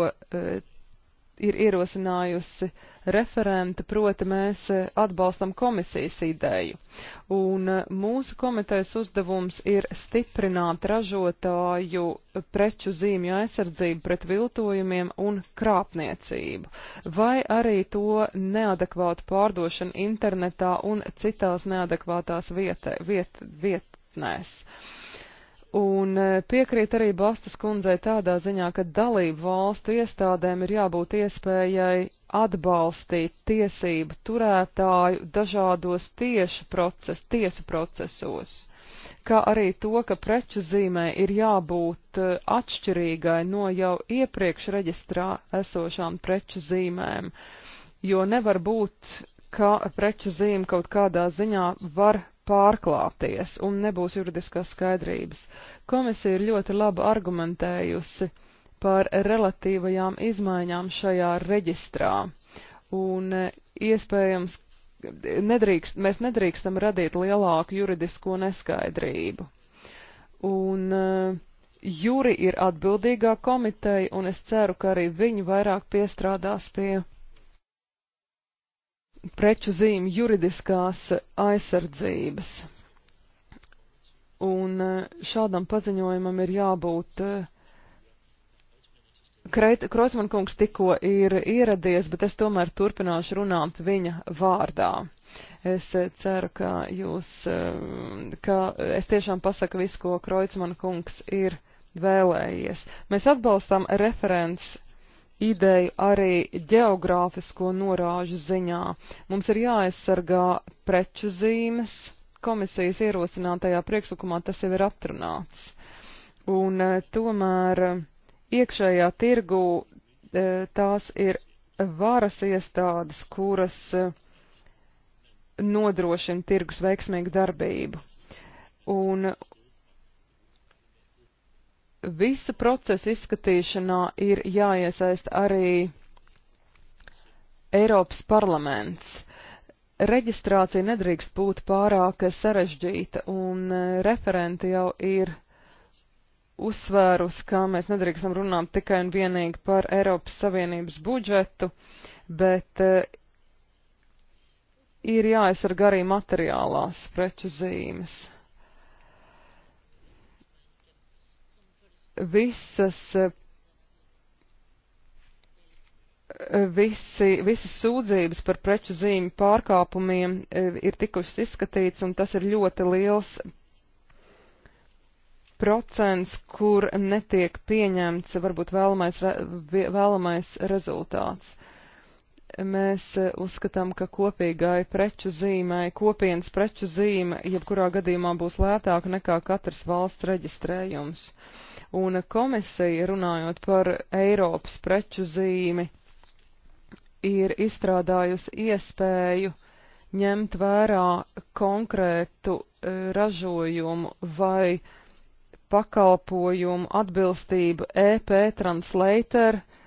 ir ierosinājusi referenta, proti mēs eh, atbalstam komisijas ideju. Un eh, mūsu komitejas uzdevums ir stiprināt ražotāju preču zīmju aizsardzību pret viltojumiem un krāpniecību, vai arī to neadekvātu pārdošanu internetā un citās neadekvātās vietē, viet, vietnēs. Viet Un e, piekrīt arī Bastas kundzei tādā ziņā, ka dalību valstu iestādēm ir jābūt iespējai atbalstīt tiesību turētāju dažādos tiešu proces, tiesu procesos, kā arī to, ka preču zīmē ir jābūt e, atšķirīgai no jau iepriekš reģistrā esošām preču zīmēm, jo nevar būt, ka preču zīme kaut kādā ziņā var pārklāties un nebūs juridiskās skaidrības. Komisija ir ļoti labi argumentējusi par relatīvajām izmaiņām šajā reģistrā. Un e, iespējams, nedrīkst, mēs nedrīkstam radīt lielāku juridisko neskaidrību. Un uh, juri ir atbildīgā komiteja, un es ceru, ka arī viņi vairāk piestrādās pie preču zīmju juridiskās aizsardzības. Un eh, šādam paziņojumam ir jābūt uh, Krosman kungs tikko ir ieradies, bet es tomēr turpināšu runāt viņa vārdā. Es eh, ceru, ka jūs, ka es tiešām pasaku visu, ko Kreutzmann kungs ir vēlējies. Mēs atbalstam referents ideju arī geogrāfisko norāžu ziņā. Mums ir jāaizsargā preču zīmes, komisijas ierosinātajā priekšlikumā tas jau ir atrunāts. Un e, tomēr e, iekšējā tirgu e, tās ir varas iestādes, kuras nodrošina tirgus veiksmīgu darbību. Un visa procesa izskatīšanā ir jāiesaist arī Eiropas parlaments. Reģistrācija nedrīkst būt pārāk sarežģīta, un e, referenti jau ir uzsvērus, ka mēs nedrīkstam runāt tikai un vienīgi par Eiropas Savienības budžetu, bet e, ir jāaizsargā arī materiālās preču zīmes. visas, visi, visas sūdzības par preču zīmju pārkāpumiem e, ir tikušas izskatīts, un tas ir ļoti liels procents, kur netiek pieņemts varbūt vēlamais, re, vēlamais rezultāts. Uh, mēs eh, uzskatām, ka kopīgai preču zīmai, kopienas preču zīme, jebkurā gadījumā būs lētāka nekā katras valsts reģistrējums. Un komisija, runājot par Eiropas preču zīmi, ir izstrādājusi iespēju ņemt vērā konkrētu eh, ražojumu vai pakalpojumu atbilstību EP translator, uh,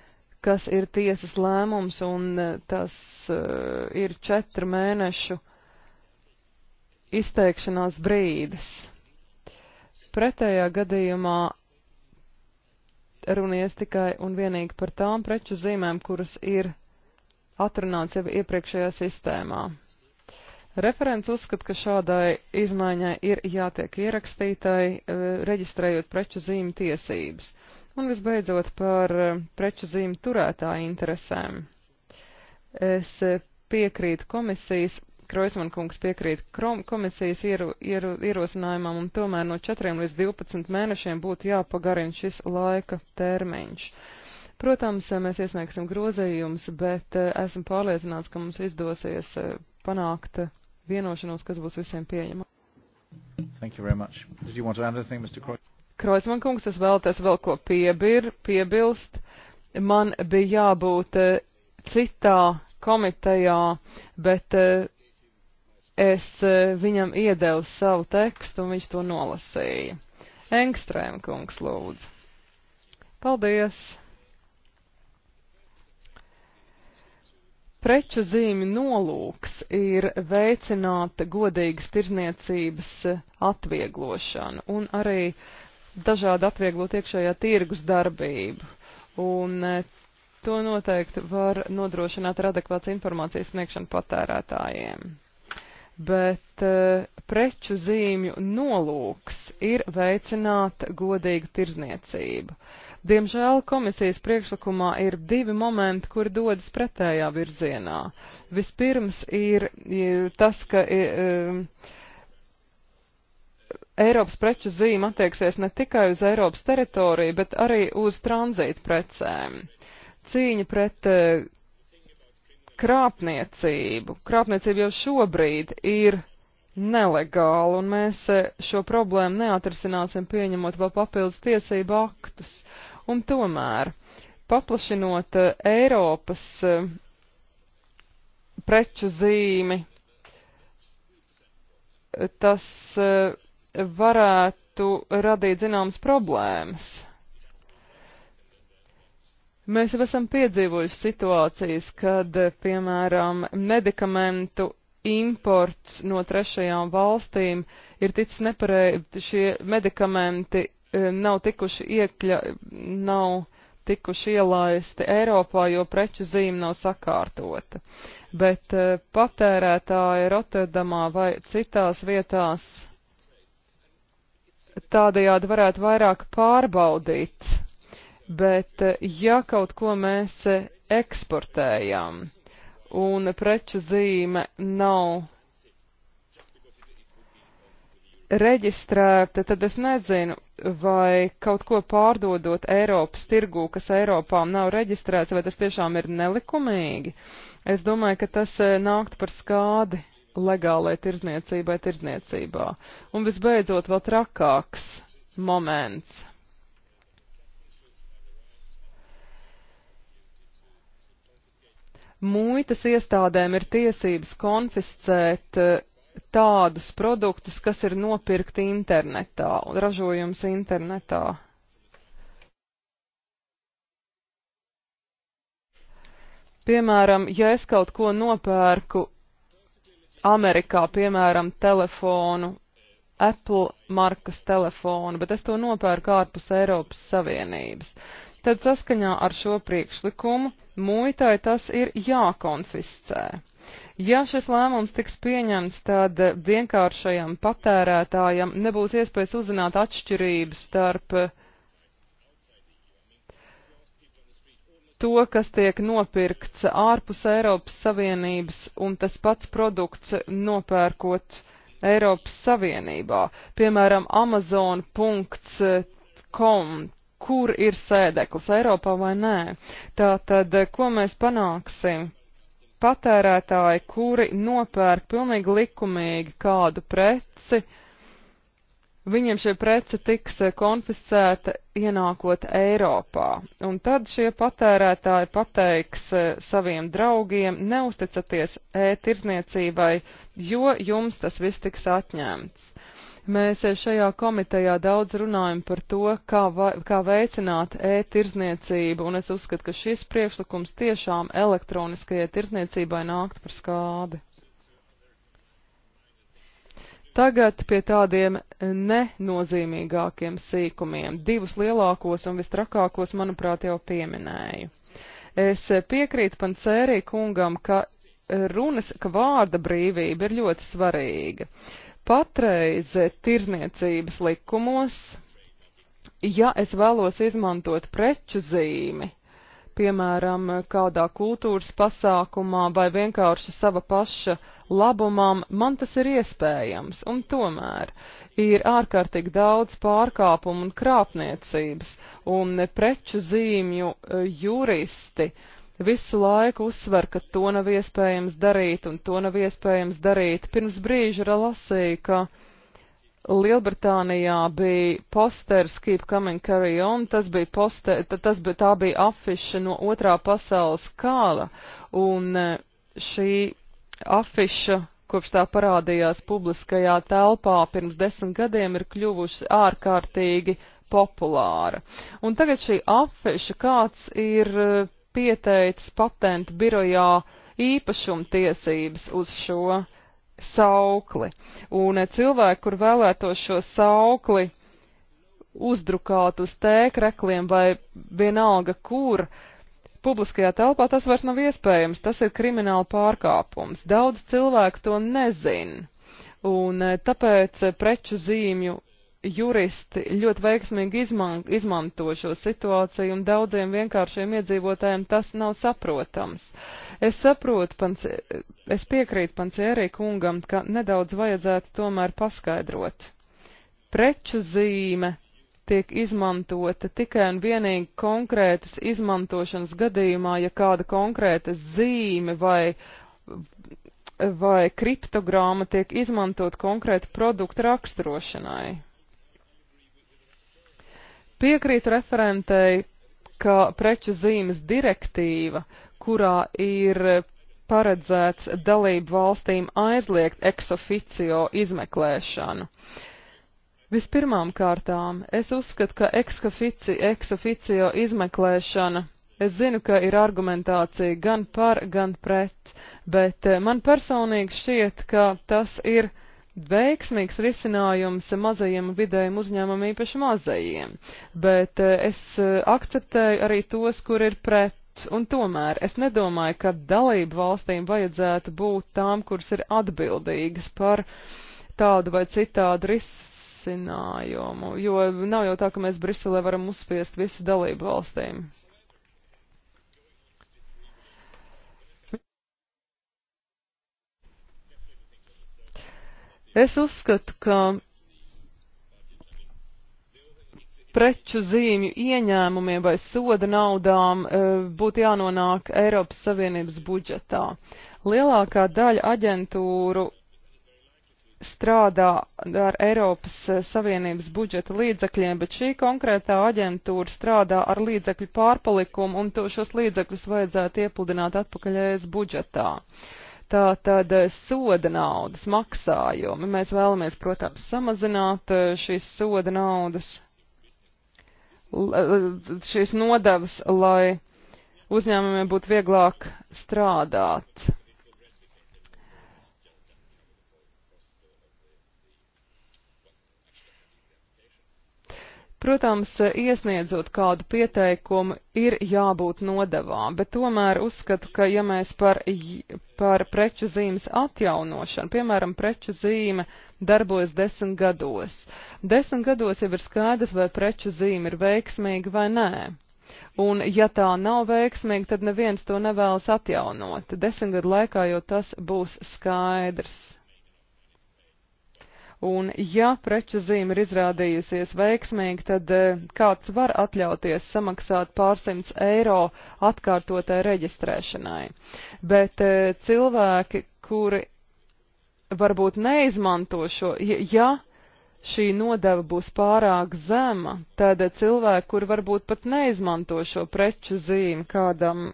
kas ir tiesas lēmums, un e, tas uh, ir četru mēnešu izteikšanās brīdis. Pretējā gadījumā runies tikai un vienīgi par tām preču zīmēm, kuras ir atrunāts jau iepriekšējā sistēmā. Referents uzskata, ka šādai izmaiņai ir jātiek ierakstītai, e, reģistrējot preču zīmju tiesības. Un visbeidzot par eh, preču zīmu turētāju interesēm. Es eh, piekrītu komisijas, Kroisman kungs piekrīt komisijas iero, iero, ierosinājumam, un tomēr no 4 līdz 12 mēnešiem būtu jāpagarina šis laika termiņš. Protams, eh, mēs iesniegsim grozījumus, bet esmu pārliecināts, ka mums izdosies panākt vienošanos, kas būs visiem pieņemama. Thank you very much. Did you want to add anything, Mr. Croy? Kreuzman kungs, es vēlētos vēl ko piebir, piebilst. Man bija jābūt eh, citā komitejā, bet eh, es eh, viņam iedevu savu tekstu un viņš to nolasīja. Engstrēm kungs lūdzu. Paldies! Preču zīmju nolūks ir veicināt godīgas tirzniecības atvieglošanu un arī uh, dažādi atvieglot iekšējā tirgus darbību. Un e, to noteikti var nodrošināt ar adekvātu informācijas sniegšanu patērētājiem. Bet e, preču zīmju nolūks ir veicināt godīgu tirzniecību. Diemžēl komisijas priekšlikumā ir divi momenti, kuri dodas pretējā virzienā. Vispirms ir, ir tas, ka ir, e, Eiropas preču zīme attieksies ne tikai uz Eiropas teritoriju, bet arī uz tranzītu precēm. Cīņa pret eh, krāpniecību. Krāpniecība jau šobrīd ir nelegāla, un mēs eh, šo problēmu neatrisināsim pieņemot vēl papildus tiesību aktus. Un tomēr, paplašinot eh, Eiropas preču zīmi, tas uh, varētu radīt zināmas problēmas. Mēs jau esam piedzīvojuši situācijas, kad, piemēram, medikamentu imports no trešajām valstīm ir ticis nepareizi, šie medikamenti eh, nav tikuši iekļa, nav tikuši ielaisti Eiropā, jo preču zīme nav sakārtota. Bet eh, patērētāji Rotterdamā vai citās vietās tādējādi varētu vairāk pārbaudīt, bet eh, ja kaut ko mēs eh, eksportējam un preču zīme nav reģistrēta, tad es nezinu, vai kaut ko pārdodot Eiropas tirgū, kas Eiropā nav reģistrēts, vai tas tiešām ir nelikumīgi. Es domāju, ka tas eh, nākt par skādi legālai tirdzniecībai tirdzniecībā. Un visbeidzot vēl trakāks moments. Mūitas iestādēm ir tiesības konfiscēt eh, tādus produktus, kas ir nopirkti internetā, ražojums internetā. Piemēram, ja es kaut ko nopērku Amerikā, piemēram, telefonu, Apple markas telefonu, bet es to nopērku ārpus Eiropas Savienības. Tad saskaņā ar šo priekšlikumu muitai tas ir jākonfiscē. Ja šis lēmums tiks pieņemts, tad vienkāršajam patērētājam nebūs iespējas uzzināt atšķirības starp uh, to, kas tiek nopirkts ārpus Eiropas Savienības un tas pats produkts nopērkot Eiropas Savienībā. Piemēram, amazon.com, kur ir sēdeklis Eiropā vai nē. Tātad, ko mēs panāksim? Patērētāji, kuri nopērk pilnīgi likumīgi kādu preci, uh, viņiem šie preci tiks eh, konfiscēta ienākot Eiropā. Un tad šie patērētāji pateiks eh, saviem draugiem, neusticaties e-tirzniecībai, jo jums tas viss tiks atņemts. Mēs eh, šajā komitejā daudz runājam par to, kā, va, kā veicināt e-tirzniecību, un es uzskatu, ka šis priekšlikums tiešām elektroniskajai tirzniecībai nākt par skādi. Tagad pie tādiem nenozīmīgākiem sīkumiem. Divus lielākos un vistrakākos, manuprāt, jau pieminēju. Es piekrītu pancērī kungam, ka runas, ka vārda brīvība ir ļoti svarīga. Patreiz tirzniecības likumos, ja es vēlos izmantot preču zīmi, piemēram, kādā kultūras pasākumā vai vienkārši sava paša labumam, man tas ir iespējams, un tomēr ir ārkārtīgi daudz pārkāpumu un krāpniecības, un preču zīmju e, juristi visu laiku uzsver, ka to nav iespējams darīt, un to nav iespējams darīt. Pirms brīža lasīju, ka Lielbritānijā bija posters Keep Coming Carry On, tas bija poster, tas bija, tā bija afiša no otrā pasaules kāla, un e, šī afiša, kopš tā parādījās publiskajā telpā pirms desmit gadiem, ir kļuvuši ārkārtīgi populāra. Un tagad šī afiša kāds ir e, pieteicis patentu birojā īpašumtiesības uz šo saukli. Un cilvēki, kur vēlētos šo saukli uzdrukāt uz tēkrekliem vai vienalga kur, publiskajā telpā tas vairs nav iespējams, tas ir krimināla pārkāpums. Daudz cilvēku to nezin. Un eh, tāpēc eh, preču zīmju juristi ļoti veiksmīgi izman, izmanto šo situāciju, un daudziem vienkāršiem iedzīvotājiem tas nav saprotams. Es saprotu, pans, es piekrītu pancierī kungam, ka nedaudz vajadzētu tomēr paskaidrot. Preču zīme tiek izmantota tikai un vienīgi konkrētas izmantošanas gadījumā, ja kāda konkrēta zīme vai vai kriptogrāma tiek izmantot konkrēti produktu raksturošanai. Piekrītu referentei, ka preču zīmes direktīva, kurā ir paredzēts dalību valstīm aizliegt eksoficio izmeklēšanu. Vispirmām kārtām, es uzskatu, ka eksofici, eksoficio izmeklēšana, es zinu, ka ir argumentācija gan par, gan pret, bet eh, man personīgi šķiet, ka tas ir veiksmīgs risinājums mazajiem un vidējiem uzņēmumiem, īpaši mazajiem, bet eh, es eh, akceptēju arī tos, kur ir pret. Un tomēr es nedomāju, ka dalību valstīm vajadzētu būt tām, kuras ir atbildīgas par tādu vai citādu risinājumu, jo nav jau tā, ka mēs Briselē varam uzspiest visu dalību valstīm. Es uzskatu, ka preču zīmju ieņēmumiem vai soda naudām e, būtu jānonāk Eiropas Savienības budžetā. Lielākā daļa aģentūru strādā ar Eiropas Savienības budžeta līdzekļiem, bet šī konkrētā aģentūra strādā ar līdzekļu pārpalikumu un to šos līdzekļus vajadzētu iepludināt atpakaļ ES budžetā. Uh, Tā tad soda naudas maksājumi. Mēs vēlamies, protams, samazināt eh, šīs soda naudas, eh, šīs nodevas, lai uzņēmumiem būtu vieglāk strādāt. Protams, iesniedzot kādu pieteikumu, ir jābūt nodevām, bet tomēr uzskatu, ka ja mēs par, par preču zīmes atjaunošanu, piemēram, preču zīme darbojas desmit gados, desmit gados jau ir skaidrs, vai preču zīme ir veiksmīga vai nē. Un, ja tā nav veiksmīga, tad neviens to nevēlas atjaunot. Desmit gadu laikā jau tas būs skaidrs. Un ja preču zīme ir izrādījusies veiksmīgi, tad eh, kāds var atļauties samaksāt pārsimts eiro atkārtotai reģistrēšanai. Bet eh, cilvēki, kuri varbūt neizmanto šo, ja šī nodeva būs pārāk zema, tad cilvēki, kuri varbūt pat neizmanto šo preču zīmi kādam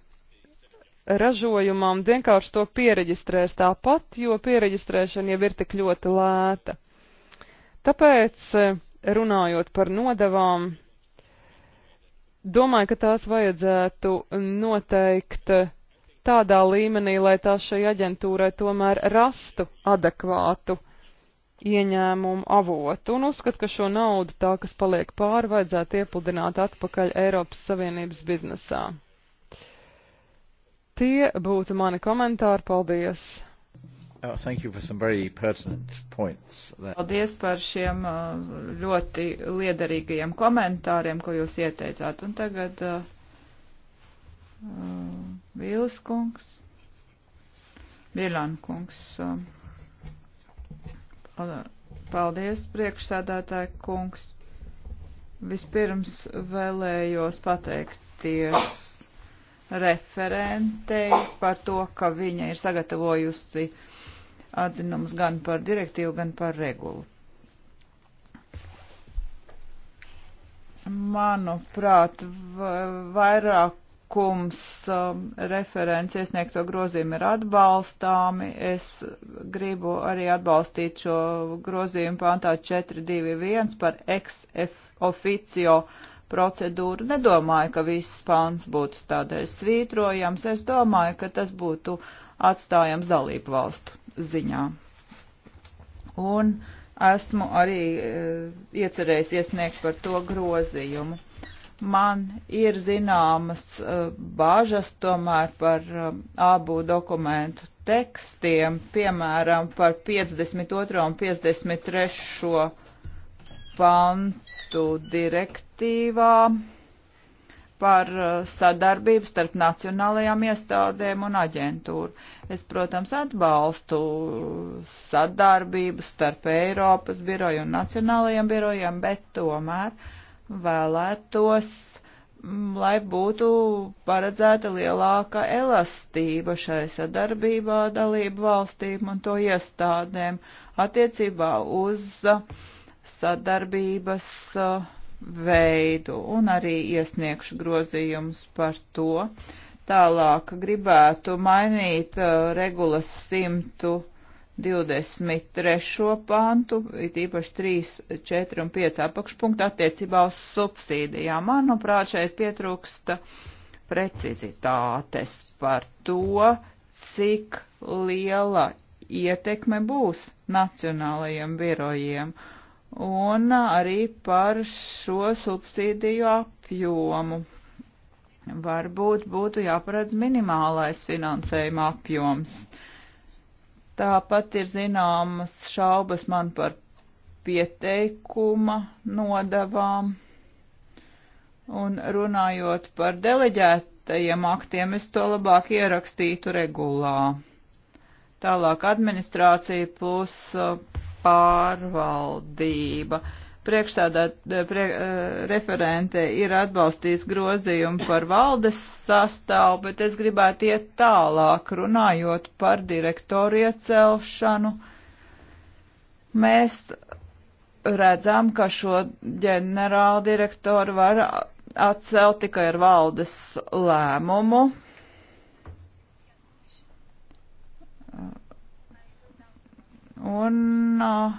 ražojumam, vienkārši to pieregistrēs tāpat, jo pieregistrēšana jau ir tik ļoti lēta. Tāpēc, eh, runājot par nodevām, domāju, ka tās vajadzētu noteikt eh, tādā līmenī, lai tās šai aģentūrai tomēr rastu adekvātu ieņēmumu avotu un uzskat, ka šo naudu tā, kas paliek pāri, vajadzētu iepludināt atpakaļ Eiropas Savienības biznesā. Tie būtu mani komentāri. Paldies! Oh, thank you for some very pertinent points. That... Paldies par šiem uh, ļoti liederīgajiem komentāriem, ko jūs ieteicāt. Un tagad uh, uh Vīles kungs, Bielan kungs. Uh, paldies, priekšsādātāji kungs. Vispirms vēlējos pateikties referentei par to, ka viņa ir sagatavojusi uh, atzinums gan par direktīvu, gan par regulu. Manuprāt, vairākums um, referents iesniegto grozījumu ir atbalstāmi. Es gribu arī atbalstīt šo grozījumu pāntā 421 par ex officio procedūru. Nedomāju, ka viss pāns būtu tādēļ svītrojams. Es domāju, ka tas būtu atstājams dalību valstu ziņā. Un esmu arī eh, iecerējis iesniegt par to grozījumu. Man ir zināmas eh, bāžas tomēr par eh, abu dokumentu tekstiem, piemēram, par 52. un 53. pantu direktīvā par uh, sadarbību starp nacionālajām iestādēm un aģentūru. Es, protams, atbalstu sadarbību starp Eiropas biroju un nacionālajiem birojiem, bet tomēr vēlētos, mm, lai būtu paredzēta lielāka elastība šai sadarbībā dalību valstīm un to iestādēm attiecībā uz sadarbības uh, veidu un arī iesniegšu grozījumus par to. Tālāk gribētu mainīt uh, regulas 123. pantu, it īpaši 3, 4 un 5 apakšpunktu attiecībā uz subsīdijām. Manuprāt, šeit pietrūksta precizitātes par to, cik liela ietekme būs nacionālajiem birojiem un arī par šo subsīdiju apjomu. Varbūt būtu jāparedz minimālais finansējuma apjoms. Tāpat ir zināmas šaubas man par pieteikuma nodavām. Un runājot par deleģētajiem aktiem, es to labāk ierakstītu regulā. Tālāk administrācija plus uh, pārvaldība. Priekšsādāt eh, prie, eh, referente ir atbalstījis grozījumu par valdes sastāvu, bet es gribētu iet tālāk runājot par direktoru iecelšanu. Mēs redzam, ka šo ģenerāldirektoru var atcelt tikai ar valdes lēmumu Un uh,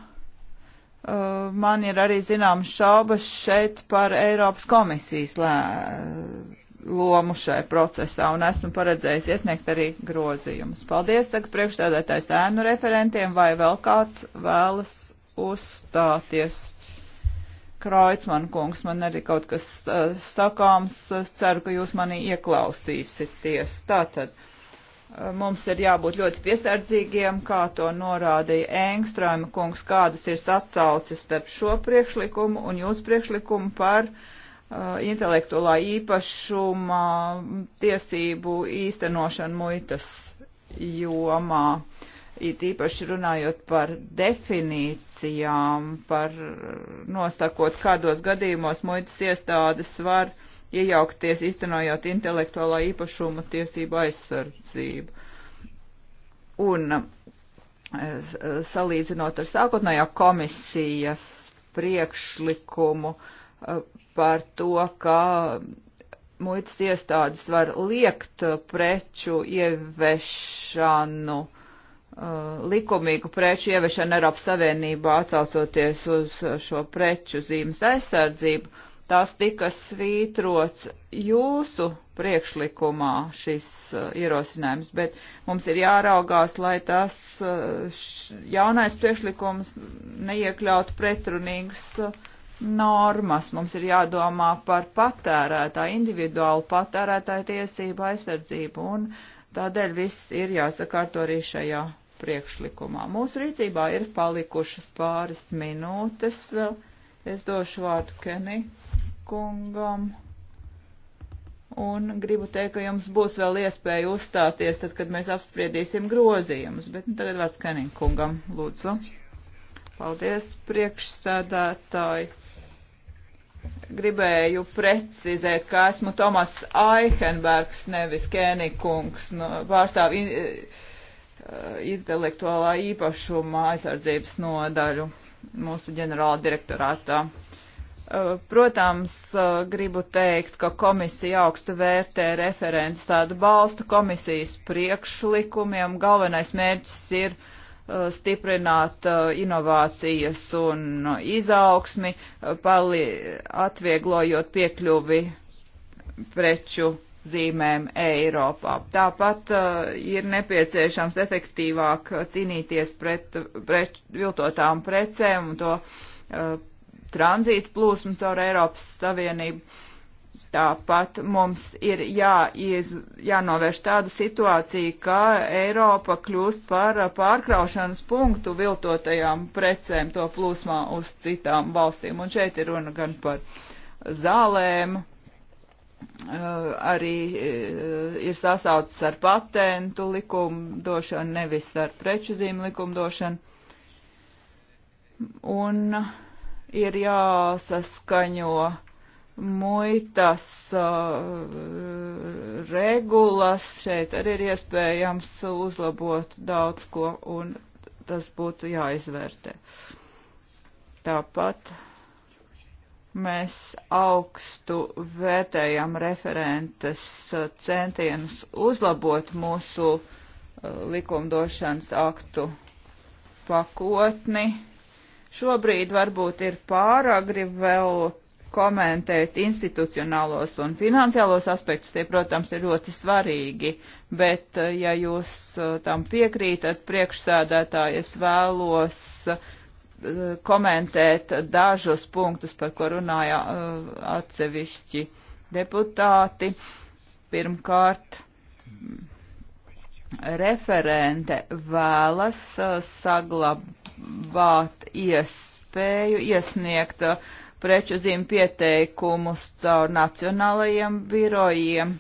man ir arī zināmas šaubas šeit par Eiropas komisijas lē, lomu šai procesā, un esmu paredzējis iesniegt arī grozījumus. Paldies, saka priekšstādētājs ēnu referentiem, vai vēl kāds vēlas uzstāties. Kreutzmann kungs, man arī kaut kas uh, sakāms, es ceru, ka jūs mani ieklausīsieties. Tātad mums ir jābūt ļoti piesardzīgiem, kā to norādīja Engstrāma kungs, kādas ir sacaucis starp šo priekšlikumu un jūsu priekšlikumu par uh, intelektuālā īpašuma tiesību īstenošanu muitas jomā. It īpaši runājot par definīcijām, par nosakot, kādos gadījumos muitas iestādes var uh, iejaukties, iztenojot intelektuālā īpašuma tiesību aizsardzību. Un eh, salīdzinot ar sākotnējā komisijas priekšlikumu eh, par to, ka muitas iestādes var liekt preču ieviešanu, eh, likumīgu preču ieviešanu Eiropas Savienībā atsaucoties uz šo preču zīmes aizsardzību tas tika svītrots jūsu priekšlikumā šis uh, ierosinājums, bet mums ir jāraugās, lai tas uh, jaunais priekšlikums neiekļautu pretrunīgas uh, normas. Mums ir jādomā par patērētāju, individuālu patērētāju tiesību aizsardzību, un tādēļ viss ir jāsakārto arī šajā priekšlikumā. Mūsu rīcībā ir palikušas pāris minūtes vēl. Es došu vārdu Kenijai kungam. Un gribu teikt, ka jums būs vēl iespēja uzstāties, tad, kad mēs apspriedīsim grozījumus. Bet nu, tagad vārds Kenning kungam, lūdzu. Paldies, priekšsēdētāji gribēju precizēt, ka esmu Tomas Aihenbergs, nevis Kēnikungs, no, pārstāv in, eh, intelektuālā īpašuma aizsardzības nodaļu mūsu ģenerāla direktorātā. Eh, protams, eh, gribu teikt, ka komisija augstu vērtē referents atbalstu komisijas priekšlikumiem. Galvenais mērķis ir eh, stiprināt inovācijas un izaugsmi, pali, atvieglojot piekļuvi preču zīmēm Eiropā. Tāpat uh, ir nepieciešams efektīvāk cīnīties pret, pret viltotām precēm un to uh, tranzītu plūsmu caur Eiropas Savienību. Tāpat mums ir jāiz, jānovērš tāda situācija, ka Eiropa kļūst par pārkraušanas punktu viltotajām precēm to plūsmā uz citām valstīm. Un šeit ir runa gan par zālēm, eh, arī eh, ir sasaucas ar patentu likumdošanu, nevis ar preču zīmu likumdošanu. Un uh, ir jāsaskaņo muitas uh, regulas. Šeit arī ir iespējams uzlabot daudz ko, un tas būtu jāizvērtē. Tāpat mēs augstu vērtējam referentes centienus uzlabot mūsu uh, likumdošanas aktu pakotni. Šobrīd varbūt ir pāragri vēl komentēt institucionālos un finansiālos aspektus, tie, protams, ir ļoti svarīgi, bet eh, ja jūs eh, tam piekrītat, priekšsēdētāji, es vēlos eh, komentēt dažus punktus, par ko runāja atsevišķi deputāti. Pirmkārt, referente vēlas saglabāt piedāvāt iespēju iesniegt uh, preču zīmju pieteikumus caur nacionālajiem birojiem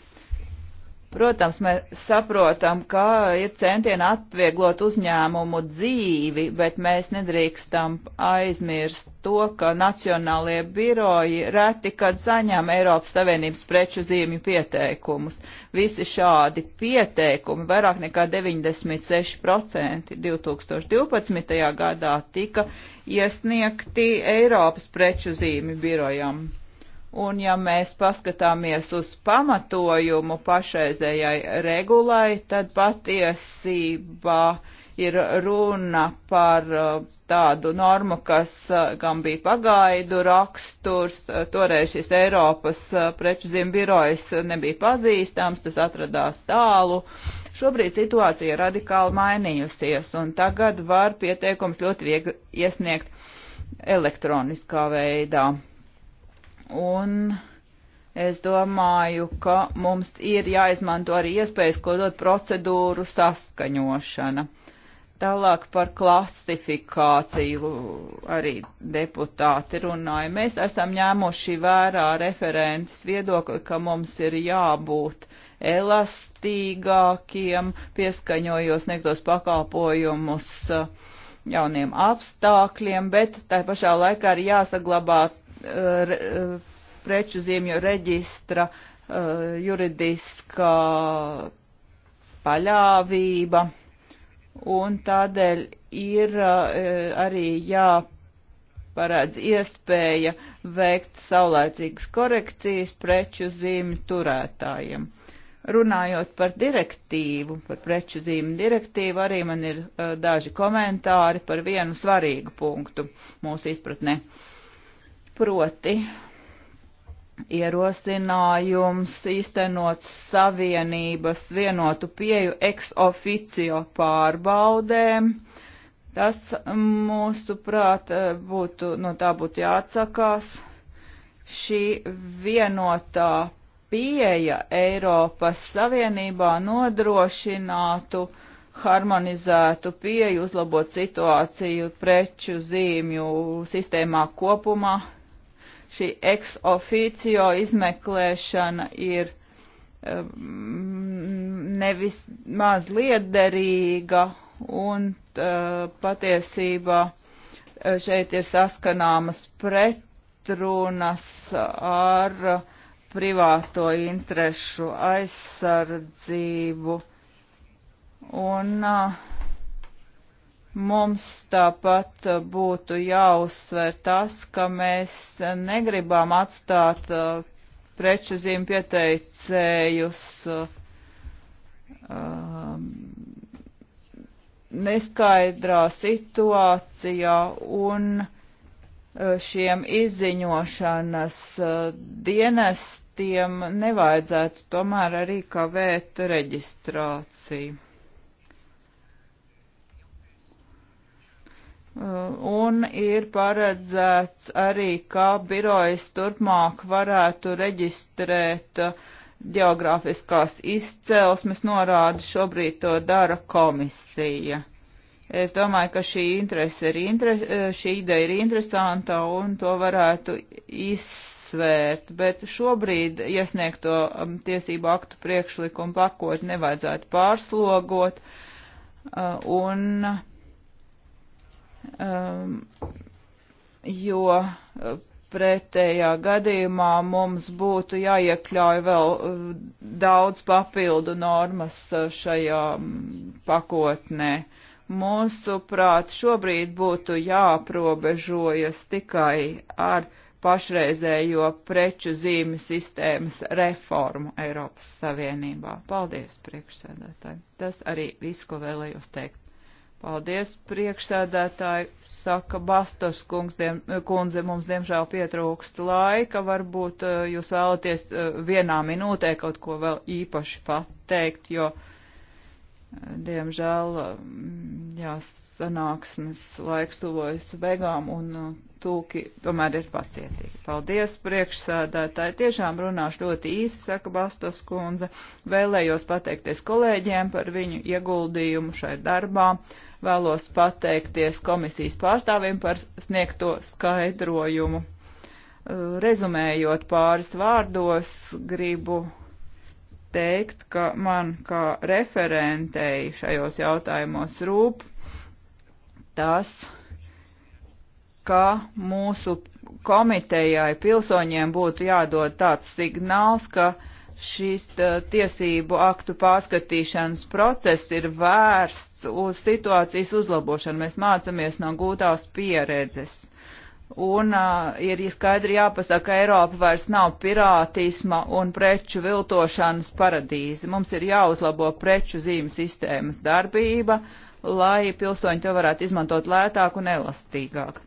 Protams, mēs saprotam, ka ir centieni atvieglot uzņēmumu dzīvi, bet mēs nedrīkstam aizmirst to, ka nacionālie biroji reti, kad saņem Eiropas Savienības preču zīmju pieteikumus. Visi šādi pieteikumi, vairāk nekā 96% 2012. gadā tika iesniegti Eiropas preču zīmju birojam. Un ja mēs paskatāmies uz pamatojumu pašreizējai regulai, tad patiesībā ir runa par uh, tādu normu, kas uh, gan bija pagaidu raksturs, uh, toreiz šis Eiropas preču zīmju birojs nebija pazīstams, tas atradās tālu. Šobrīd situācija ir radikāli mainījusies, un tagad var pieteikums ļoti viegli iesniegt elektroniskā veidā. Un es domāju, ka mums ir jāizmanto arī iespējas, ko dod procedūru saskaņošana. Tālāk par klasifikāciju arī deputāti runāja. Mēs esam ņēmuši vērā referentes viedokli, ka mums ir jābūt elastīgākiem, pieskaņojot sniegtos pakalpojumus uh, jauniem apstākļiem, bet tai pašā laikā ir jāsaglabāt re, preču zīmju reģistra e, juridiskā paļāvība, un tādēļ ir e, arī jāparādz iespēja veikt saulēcīgas korekcijas preču zīmju turētājiem. Runājot par direktīvu, par preču zīmju direktīvu, arī man ir e, daži komentāri par vienu svarīgu punktu mūsu izpratnē. Uh, proti ierosinājums īstenot savienības vienotu pieju ex officio pārbaudēm. Tas mm, mūsu prāt eh, būtu, no tā būtu jāatsakās. Šī vienotā pieeja Eiropas Savienībā nodrošinātu harmonizētu pieeju, uzlabot situāciju preču zīmju sistēmā kopumā, šī ex officio izmeklēšana ir um, nevis maz liederīga un uh, patiesībā eh, šeit ir saskanāmas pretrunas ar privāto interešu aizsardzību. Un uh, Mums tāpat būtu jāuzsver tas, ka mēs negribam atstāt uh, preču zīmju pieteicējus uh, um, neskaidrā situācijā un uh, šiem izziņošanas uh, dienestiem nevajadzētu tomēr arī kavēt reģistrāciju. Un ir paredzēts arī, ka birojas turpmāk varētu reģistrēt uh, geogrāfiskās izcelsmes norādi, šobrīd to dara komisija. Es domāju, ka šī, ir interes, uh, šī ideja ir interesanta un to varētu izsvērt, bet šobrīd iesniegto um, tiesību aktu priekšlikumu pakot nevajadzētu pārslogot. Uh, un um, jo uh, pretējā gadījumā mums būtu jāiekļauj vēl uh, daudz papildu normas uh, šajā mm, pakotnē. Mūsuprāt, šobrīd būtu jāaprobežojas tikai ar pašreizējo preču zīmju sistēmas reformu Eiropas Savienībā. Paldies, priekšsēdētāji. Tas arī viss, ko vēlējos teikt. Paldies, priekšsēdētāji, saka Bastos kungs, diem, kundze, mums diemžēl pietrūkst laika, varbūt eh, jūs vēlaties eh, vienā minūtē kaut ko vēl īpaši pateikt, jo, eh, diemžēl, jā, sanāksmes laiks tuvojas beigām un tūki tomēr ir pacietīgi. Paldies, priekšsēdētāji. Tiešām runāšu ļoti īsi, saka Bastos kundze. Vēlējos pateikties kolēģiem par viņu ieguldījumu šai darbā. Vēlos pateikties komisijas pārstāvim par sniegto skaidrojumu. Eh, rezumējot pāris vārdos, gribu teikt, ka man kā referentei šajos jautājumos rūp tas, ka mūsu komitejai pilsoņiem būtu jādod tāds signāls, ka šīs uh, tiesību aktu pārskatīšanas process ir vērsts uz situācijas uzlabošanu. Mēs mācāmies no gūtās pieredzes. Un uh, ir skaidri jāpasaka, ka Eiropa vairs nav pirātisma un preču viltošanas paradīze. Mums ir jāuzlabo preču zīmju sistēmas darbība, lai pilsoņi to varētu izmantot lētāk un elastīgāk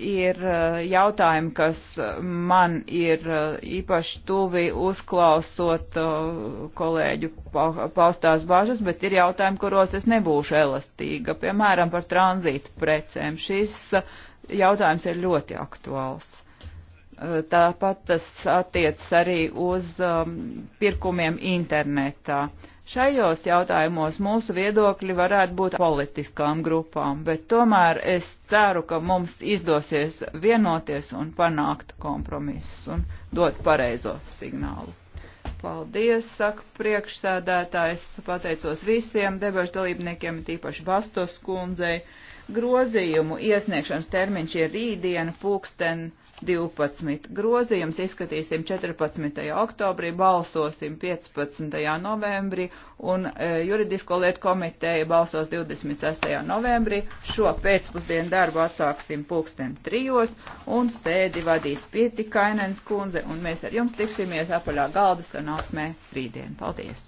ir e, jautājumi, kas man ir e, īpaši tuvi uzklausot e, kolēģu paustās bažas, bet ir jautājumi, kuros es nebūšu elastīga, piemēram, par tranzītu precēm. Šis jautājums ir ļoti aktuāls. Tāpat tas attiecas arī uz pirkumiem internetā. Uh, Šajos jautājumos mūsu viedokļi varētu būt politiskām grupām, bet tomēr es ceru, ka mums izdosies vienoties un panākt kompromisus un dot pareizo signālu. Paldies, saka priekšsēdētājs, pateicos visiem debašu dalībniekiem, tīpaši Bastos kundzei. Grozījumu iesniegšanas termiņš ir rītdiena pulksten 12.00 12 grozījums, izskatīsim 14. oktobrī, balsosim 15. novembrī un e, juridisko lietu komiteja balsos 26. novembrī. Šo pēcpusdienu darbu atsāksim pulksten trijos un sēdi vadīs pietikainens kundze un mēs ar jums tiksimies apaļā galda sanāksmē rītdien. Paldies!